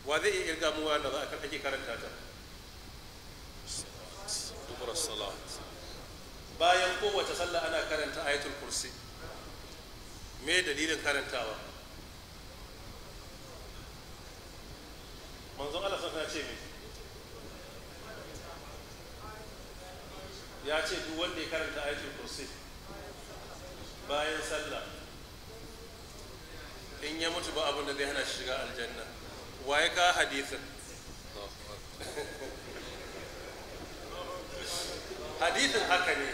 wa zai iya irga mu wanda za a ake karanta ta bayan kowace sallah ana karanta ayatul kursi me dalilin karantawa manzon Allah sun ce me ya ce duk wanda ya karanta ayatul kursi bayan sallah in ya mutu ba abin da zai hana shiga aljanna waye ka hadithin hadithin haka ne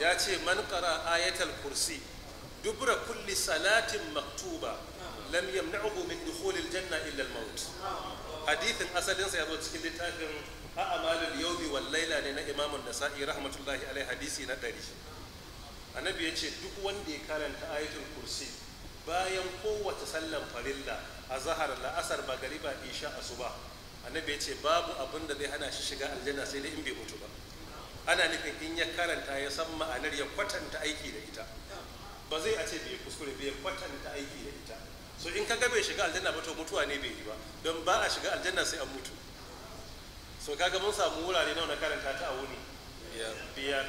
ya ce man kara ayatul kursi dubra kulli salatin maktuba lam yamna'uhu min dukhulil janna illa al-maut hadithin asalin sa yazo cikin littafin a'malul yawmi wal layla ne na Imam an-Nasa'i rahmatullahi alai hadisi na 100 annabi yace duk wanda ya karanta ayatul kursi bayan kowace sallan farilla azhar la'asar magariba isha asuba annabi ya ce babu abin da zai hana shi shiga aljanna sai dai in bai mutu ba ana nufin in ya karanta ya san ma'anar ya kwatanta aiki da ita ba zai a ce bai kuskure bai kwatanta aiki da ita so in ka bai shiga aljanna ba to mutuwa ne bai yi ba don ba a shiga aljanna sai an mutu so kaga mun samu wurare nawa na karanta ta a wuni biyar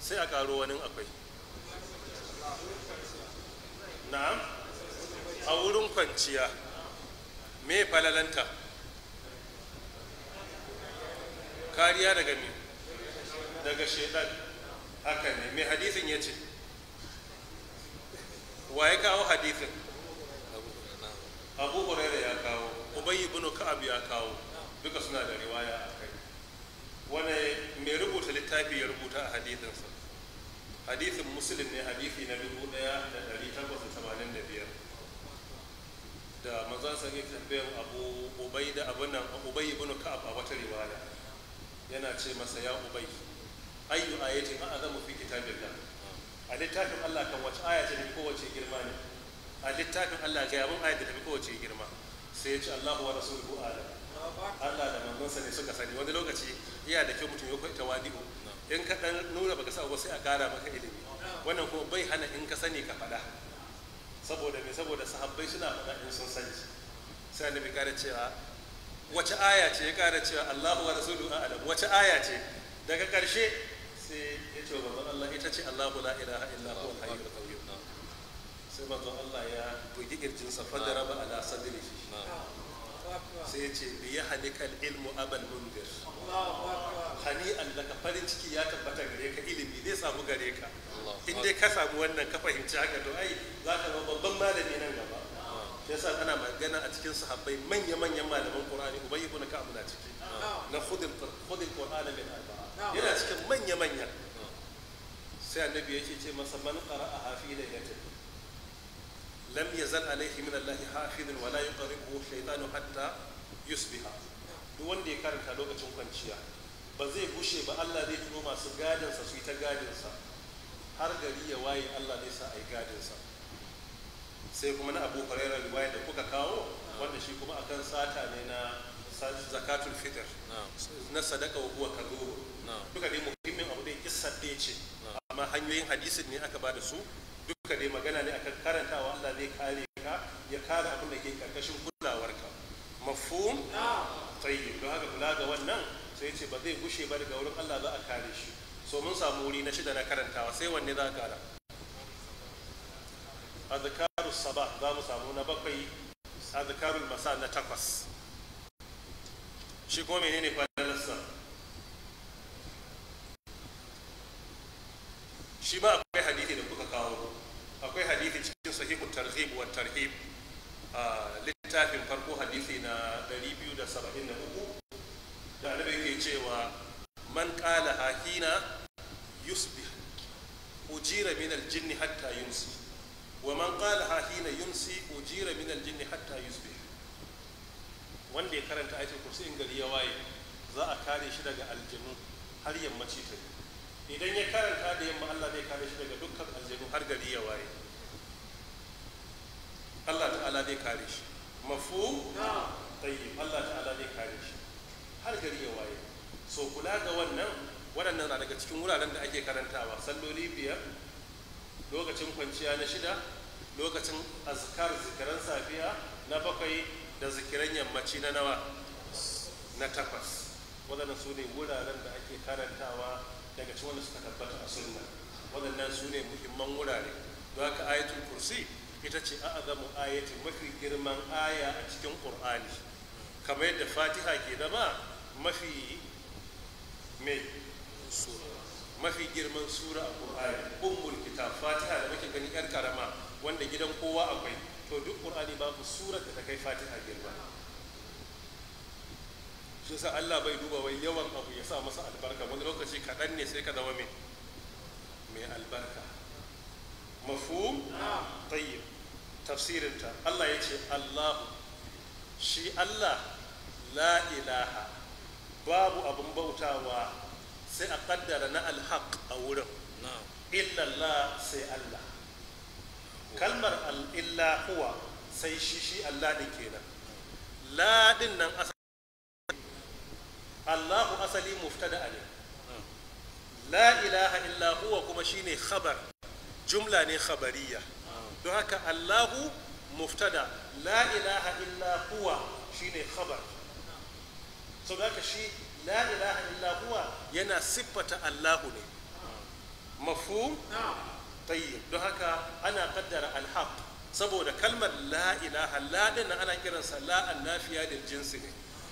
sai a karo wani akwai na'am a wurin kwanciya me falalanta kariya daga me daga shaidan haka ne me hadisin ya ce wa ya kawo hadisin abu huraira ya kawo ubayi ibn ka'ab ya kawo duka suna da riwaya a kai wani mai rubuta littafi ya rubuta a hadisinsa hadisin musulun ne hadisi na 1885 an sami tambayar abu ubai da abin nan ubai ibn ka'ab a wata riwaya yana ce masa ya ubai ayyu ayatin a'zamu fi kitabillah a littafin Allah kan wace aya ce ko wace girma ne a littafin Allah ga yabon aya da tafi kowace girma sai ya ce Allahu wa rasuluhu alam Allah da sa ne suka sani wani lokaci iya da kyau mutum ya koyi tawadi'u in ka dan nuna baka sa sai a kara maka ilimi wannan kuma bai hana in ka sani ka faɗa saboda me saboda sahabbai suna faɗa in sun sani sai annabi kara cewa wace aya ce ya kara cewa Allahu wa rasulu a'lam wace aya ce daga karshe sai ya ce wa Allah ita ce Allahu la ilaha illa huwa al-hayyul qayyum sai manzon Allah ya bugi irjin sa fadara ba ala sadri sai ya ce bi ya halikal ilmu abal mundir hani ka farin ciki ya tabbata gare ka ilimi zai samu gare ka in dai ka samu wannan ka fahimci haka to ai za ka babban malami nan gaba shi yasa ana magana a cikin sahabbai manya manyan malaman qur'ani ubayy ibn ka'ab na ciki na khudil khudil qur'ana min arba'a yana cikin manya manya sai annabi yake ce masa man qara'a fi laylatin lam yazal alayhi min allahi hafizun wa la yuqribuhu shaytanu hatta yusbiha duk wanda ya karanta lokacin kwanciya ba zai bushe ba Allah zai tuno masu gadinsa su yi ta gadinsa har gari ya waye Allah zai sa ai gadinsa sai kuma na abu huraira riwaya da kuka kawo wanda shi kuma akan sata ne na zakatul fitr na sadaka wa huwa kadhuru duka dai muhimmin abu dai kissar da ce amma hanyoyin hadisin ne aka da su duka dai magana ne akan karantawa Allah zai kare ka ya kare abin da ke karkashin kulawarka mafhum tayyib don haka kula ga wannan sai ce ba zai gushe ba daga wurin Allah za a kare shi so mun samu wuri na shida na karantawa sai wanne za ka kara azkarus sabah za mu samu na bakwai a azkarul masa na takwas shi ko menene falalarsa shi ma akwai hadithi da kuka kawo akwai hadithi cikin sahihu tarhib wa tarhib a littafin farko hadithi na 273 da annabi ke cewa man qala hahina yusbih ujira min aljinni hatta yunsi. wa man qalaha hina yumsi ujira min aljinn hatta yusbih wanda ya karanta ayatul kursi in gari ya waye za a kare shi daga aljanu har yammaci ta idan ya karanta da yamma Allah zai kare shi daga dukkan aljanu har gari ya waye Allah ta'ala zai kare shi mafu tayyib Allah ta'ala zai kare shi har gari ya waye so kula ga wannan waɗannan na daga cikin wuraren da ake karantawa salloli biyar lokacin kwanciya na shida lokacin azkar zikiran safiya na bakwai da zikiran yammaci na nawa na takwas waɗannan su ne wuraren da ake karantawa daga cikin wanda suka tabbata a sunna waɗannan su ne muhimman wurare don haka ayatul kursi ita ce a azamu ayatul mafi girman aya a cikin ƙur'ani kamar yadda fatiha ke zama mafi mai sura mafi girman sura a qur'ani ummul kitab fatiha da muke gani yar karama wanda gidan kowa akwai to duk ƙur'ani babu sura da ta kai fatiha girma shi sa Allah bai duba wai yawan abu ya sa masa albarka wani lokaci kaɗan ne sai ka zama mai mai albarka mafhum tayyib tafsirinta Allah ya ce Allahu shi Allah la ilaha babu abin bautawa sai a kaddara na alhaq a wurin illallah sai Allah kalmar illa huwa sai shi shi Allah ne kenan la din nan Allahu asali muftada ne la ilaha illa huwa kuma shi ne khabar jumla ne khabariya don haka Allahu muftada la ilaha illa huwa shi ne khabar so da shi la ilaha illa huwa yana siffata Allahu ne mafhum tayyib don haka ana kaddara alhaq saboda kalmar la ilaha la din ana kiran la annafiya da jinsi ne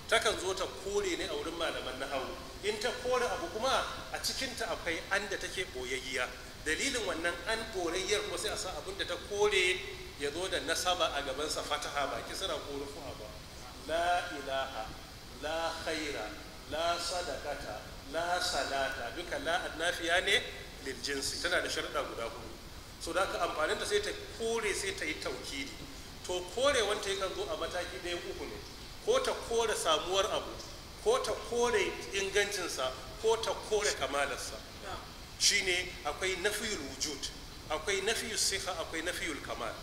takan zo ta kore ne a wurin malaman nahawu in ta kore abu kuma a cikinta akwai an da take boyayya dalilin wannan an korayyar ko sai a sa abin da ta kore ya zo da nasaba a gabansa fataha ba kisra ko rufu'a ba la ilaha la khaira la sadakata la salata duka la annafiya ne lil tana da sharuɗa guda hudu so da amfanin da sai ta kore sai ta yi taukidi to kore wanta kan zo a mataki ɗaya uku ne ko ta kore samuwar abu ko ta kore ingancinsa ko ta kore kamalarsa shine akwai nafiyul wujud akwai nafiyul siha akwai nafiyul kamal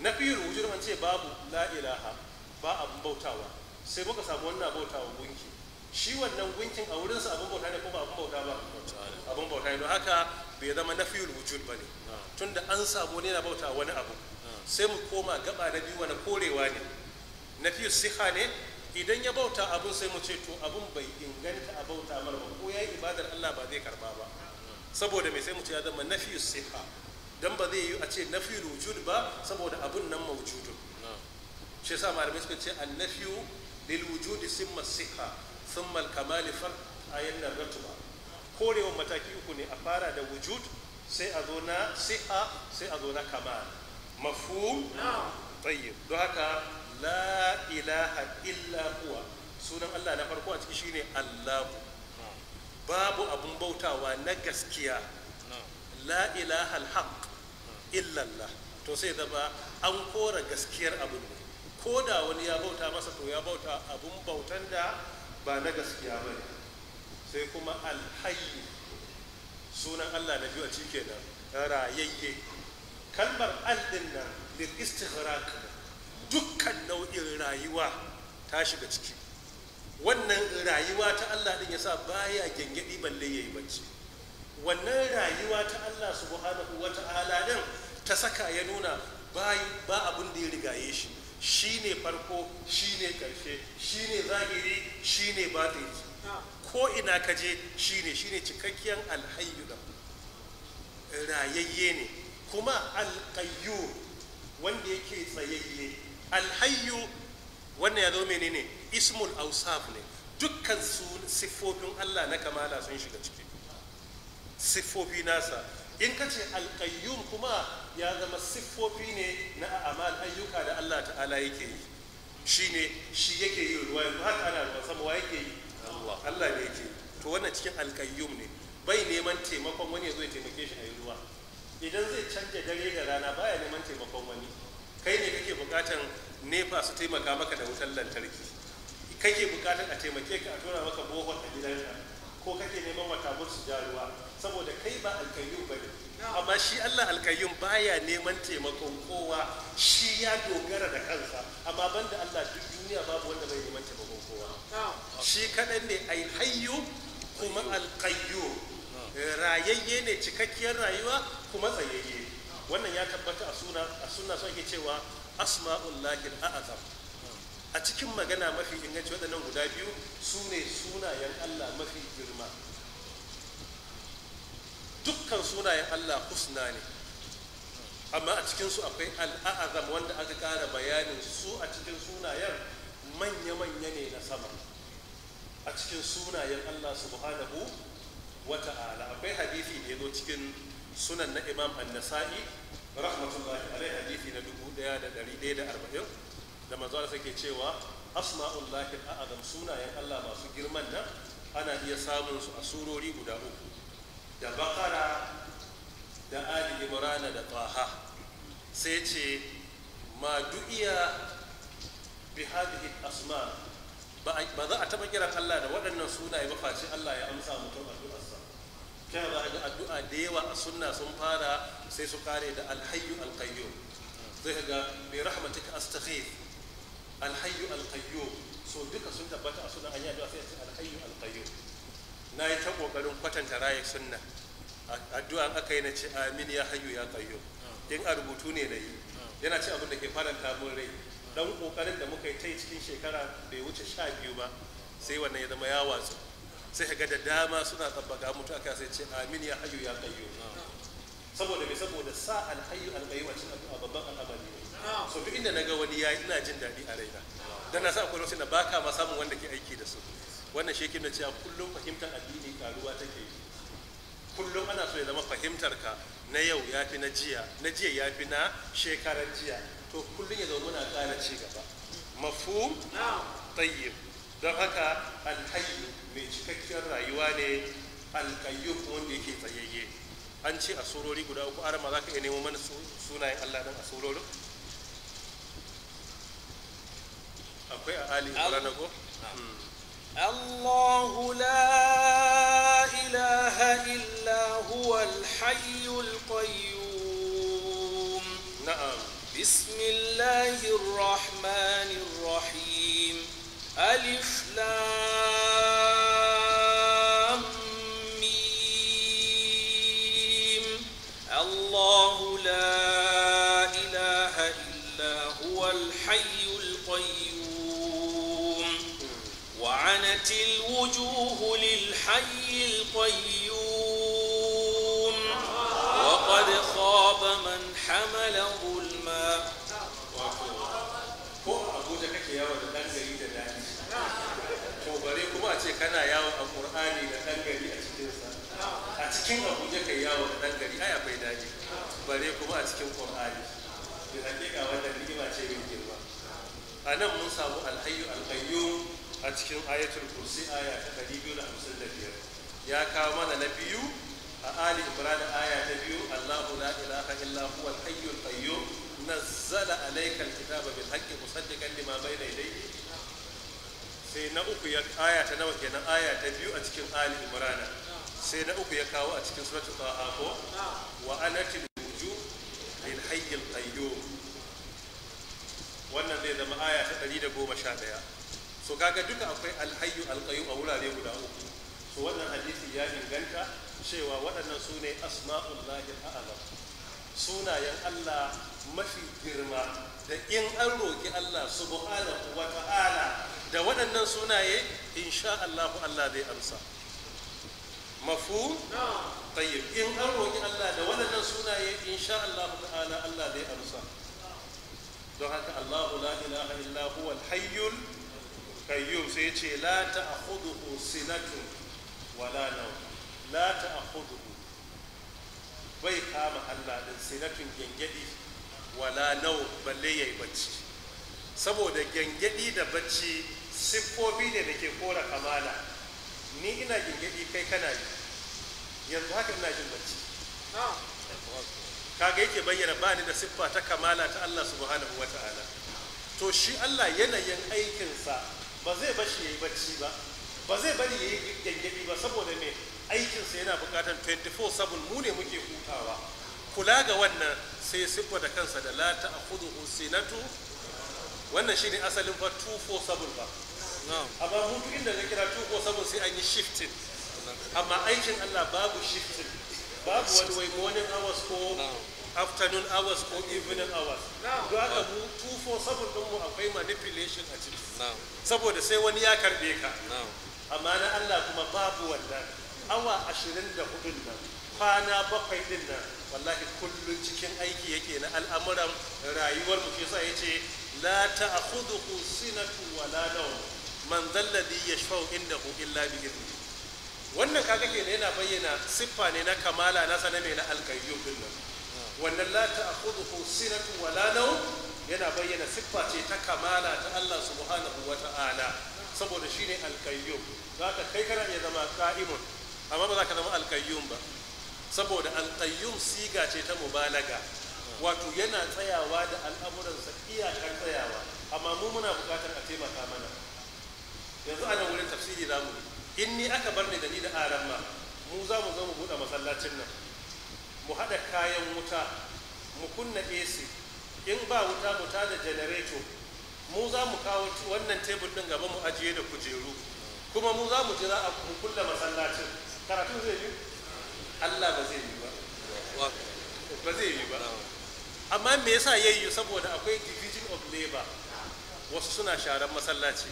nafiyul wujud an ce babu la ilaha ba abun bautawa sai muka samu wannan bautawa gunki shi wannan gunkin a wurinsa abin bauta ne ko ba abin bauta ba abin bauta ne don haka bai zama na fiyul wujud ba ne Tunda an samu wani na bauta wani abu sai mu koma gaba na biyu wani korewa ne na fiyul siha ne idan ya bauta abin sai mu ce to abin bai inganta a bauta mara ba ko ya yi ibadar allah ba zai karba ba saboda mai sai mu ce ya zama na fiyul siha dan ba zai yi a ce na fiyul wujud ba saboda abin nan mawujudun shi yasa malamai suka ce annafiyu lil wujudi simma siha sun kamali fal a yannan ratuba korewa mataki uku ne a fara da wujud sai a zo na si'a sai a zo na kamal mafhum tayyib don haka la ilaha illa huwa sunan Allah na farko a ciki shine Allahu babu abun bautawa na gaskiya la ilaha alhaq illa Allah to sai zama an kora gaskiyar abun ko da wani ya bauta masa to ya bauta abun bautan da ba na gaskiya ba ne sai kuma alhayi sunan allah na biyu a cike na rayayye kalmar aldin nan lil dukkan nau'in rayuwa ta shiga ciki wannan rayuwa ta allah din yasa baya gengedi balle yi bacci wannan rayuwa ta allah subhanahu ta'ala din ta saka ya nuna ba abin da ya rigaye shi shi ne farko shi ne ƙarshe shi ne zahiri shi ne batini ko ina ka je shi ne shi ne cikakken alhayu da rayayye ne kuma alƙayyu wanda yake tsayayye alhayu wannan ya zo ne ismul ausaf ne dukkan su siffofin allah na kamala sun shiga ciki siffofi nasa in ka ce alƙayyum kuma ya zama siffofi ne na amal ayyuka da Allah ta'ala yake yi shi ne shi yake yi ruwa yanzu haka ana ruwa sama wa yake yi Allah ne yake to wannan cikin alƙayyum ne bai neman taimakon wani ya zo taimake shi a yi ruwa idan zai canja dare da rana baya neman taimakon wani kai ne kake bukatan nefa su taimaka maka da wutar lantarki kake bukatan a taimake ka a tura maka bohol a gidanka ko kake neman wata su ja ruwa saboda kai ba alkayyum ba ne amma shi Allah alkayyum baya neman taimakon kowa shi ya dogara da kansa amma banda Allah duk duniya babu wanda bai neman taimakon kowa shi kaɗan ne ai hayyu kuma alkayyum rayayye ne cikakkiyar rayuwa kuma tsayayye wannan ya tabbata a suna a suna so ake cewa asma'ullahi al'azam a cikin magana mafi inganci waɗannan guda biyu su ne sunayen Allah mafi girma dukkan sunayen Allah husna ne amma a cikinsu akwai al'azam wanda aka ƙara bayanin su a cikin sunayen manya-manya ne na sama a cikin sunayen Allah subhanahu wa ta'ala akwai hadithi da zo cikin sunan na imam an-nasa'i rahmatullahi alaihi hadithi na 1140 da manzo Allah ke cewa asma'ullahi al'azam sunayen Allah masu girman nan ana iya samun su a surori guda uku da bakara da ali imrana da taha sai ce ma du'iya bi hadhihi asma ba za a taba kiran Allah da waɗannan sunaye ba face Allah ya amsa mutum addu'arsa kan za a ga addu'a da yawa a sunna sun fara sai su kare da alhayyu alqayyum zai ga bi rahmatika astaghith alhayyu alqayyum so duka sun tabbata a sunan an yi addu'a sai alhayyu alqayyum na yi ta kokarin kwatanta rayu sunna addu'an aka yi na ce amin ya hayyu ya kayo in a rubutu ne na yi yana ci abin da ke faranta mun rai dan kokarin da muka yi ta cikin shekara bai wuce sha biyu ba sai wannan ya zama ya watsu sai ka ga da dama suna tsabbaka mutu aka sai ce amin ya hayyu ya kayo saboda mai saboda sa alhayu alqayyum a cikin addu'a babban al'amari ne so duk inda ga wani yi ina jin daɗi a raina dan na sa akwai wasu na baka ma samun wanda ke aiki da su wannan shi ke cewa kullum fahimtar addini karuwa take kullum ana so ya zama fahimtar ka na yau ya fi na jiya na jiya ya fi na shekarar jiya to kullum ya zama muna ƙara ci gaba mafhum tayyib don haka alhayyu mai cikakkiyar rayuwa ne alkayyu wanda yake tsayayye an ce a surori guda uku arama za ka iya nemo mana sunayen allah ɗin a surorin akwai a ali الله لا إله إلا هو الحي القيوم نعم بسم الله الرحمن الرحيم ألف لام ميم الله لا وجهت الوجوه للحي القيوم وقد خاب من حمل ظلما ko abuja kake yawo da dan gari da dani to bare kuma a ce kana yawo a qur'ani da dan gari a cikin sa a cikin abuja kai yawo da dan gari aya bai dace bare kuma a cikin qur'ani bi hakika wannan ni'ima ce mai girma a nan mun samu alhayyu alqayyum a cikin ayatul kursi aya ta 255 ya kawo mana na biyu a ali imran aya ta biyu Allahu la ilaha illa huwa al-hayyul qayyum nazzala alayka al-kitaba bil haqqi musaddiqan lima bayna yadayhi sai na uku ya aya ta nawa kenan aya ta biyu a cikin ali imran sai na uku ya kawo a cikin suratul taha ko wa anatil wujuh lil hayyul qayyum wannan zai zama aya ta 111 so kaga duka akwai alhayyu alqayyum a wurare guda uku so wannan hadisi ya inganta cewa waɗannan su ne lahi a'lam sunayen Allah mafi girma da in an roki Allah subhanahu wa ta'ala da waɗannan sunaye insha Allah Allah zai amsa mafu tayyib in an roƙi Allah da waɗannan sunaye insha Allah ta'ala Allah zai amsa don haka Allahu la ilaha illa huwa al-hayyul kayyum sai ya ce la hudu sinatun wala nawm la hudu bai kama Allah din sinatun gengedi wala nawm balle yayi bacci saboda gengedi da bacci siffofi ne da ke kora kamala ni ina gengedi kai kana yi yanzu haka ina jin bacci kaga yake bayyana ba ni da siffa ta kamala ta Allah subhanahu ta'ala to shi Allah yanayin aikinsa ba zai ba shi ya yi bacci ba ba zai bari ya yi gyangyabi ba saboda me aikinsa yana bukatar 24/7 mu ne muke hutawa kula ga wannan sai siffa da kansa da la a akudu husinatu wannan shi ne asalin ba 247 ba amma hutu inda na kira 247 sai an yi shifting amma aikin allah babu shifting babu wani waimonin hours ko afternoon hours ko evening hours don haka mu 247 ɗinmu akwai manipulation a ciki saboda sai wani ya karɓe ka amma na Allah kuma babu wannan awa 24 nan kwana bakwai din nan wallahi kullum cikin aiki yake na al'amuran rayuwar mu ya yace la ta'khudhu sinatu wa la nawm man dhalladhi yashfa'u indahu illa bi idhni wannan kaga kenan yana bayyana siffa ne na kamala na saname na alkayyum din nan wannan la ta'khudhuhu sinatun wala nawm yana bayyana siffa ce ta kamala ta Allah subhanahu wata'ala saboda shine al-qayyum zaka kai kana iya zama qa'imun amma ba za ka zama al ba saboda al-qayyum siga ce ta mubalaga wato yana tsayawa da al'amuransa iyakar tsayawa amma mu muna bukatar a taimaka mana yanzu ana wurin tafsiri zamu in ni aka bar ni da ni da aran ma mu za zo mu buɗe masallacin nan mu haɗa kayan wuta mu kunna ac in ba wuta mu tada janareto mu za mu kawo wannan tebur ɗin gaba mu ajiye da kujeru kuma mu za mu ji za a kulla masallacin karatu zai yi allah ba zai yi ba ba zai yi ba amma me yasa ya yi saboda akwai division of labor wasu suna sharan masallaci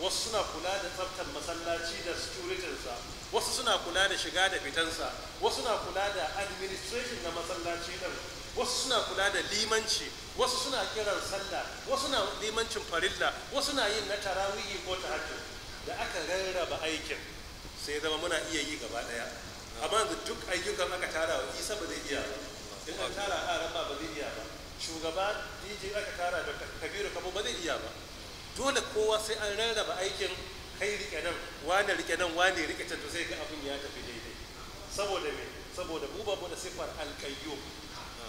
wasu suna kula da tsaftar masallaci da securitinsa wasu suna kula da shiga da fitansa wasu suna kula da administration na masallaci din wasu suna kula da limanci wasu suna kiran sallah wasu suna limancin farilla wasu suna yin na tarawihi ko tahajjud da aka rarraba aikin sai zama muna iya yi gaba daya amma yanzu duk ayyukan aka tara wa isa ba zai iya ba in an tara a rama ba zai iya ba shugaba dj aka tara da kabiru kabo ba zai iya ba dole kowa sai an rarraba aikin kai rike nan wane rike nan wane rike can to sai ga abin ya tafi daidai saboda me saboda mu ba mu da sifar alqayyum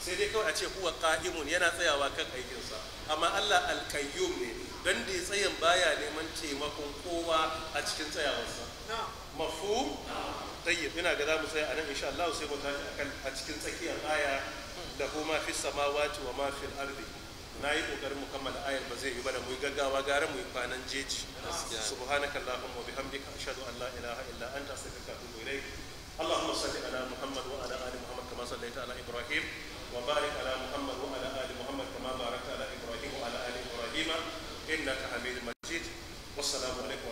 sai dai kawai a ce huwa qa'imun yana tsayawa kan aikinsa amma Allah alqayyum ne don da ya tsayin baya neman taimakon kowa a cikin tsayawarsa mafu tayyib ina ga za mu tsaya a nan insha Allah sai mu tashi a cikin tsakiyar aya da kuma fi samawati wa ma fil ardi na yi kokarin mu kammala ayar ba zai yi ba da mu gaggawa gara mu yi kwanan jeji subhanaka allahumma wa bihamdika ashhadu an la ilaha illa anta astaghfiruka wa atubu ilayk اللهم صل على محمد وعلى ال محمد كما صليت على ابراهيم وبارك على محمد وعلى ال محمد كما باركت على ابراهيم وعلى ال ابراهيم انك حميد مجيد والسلام عليكم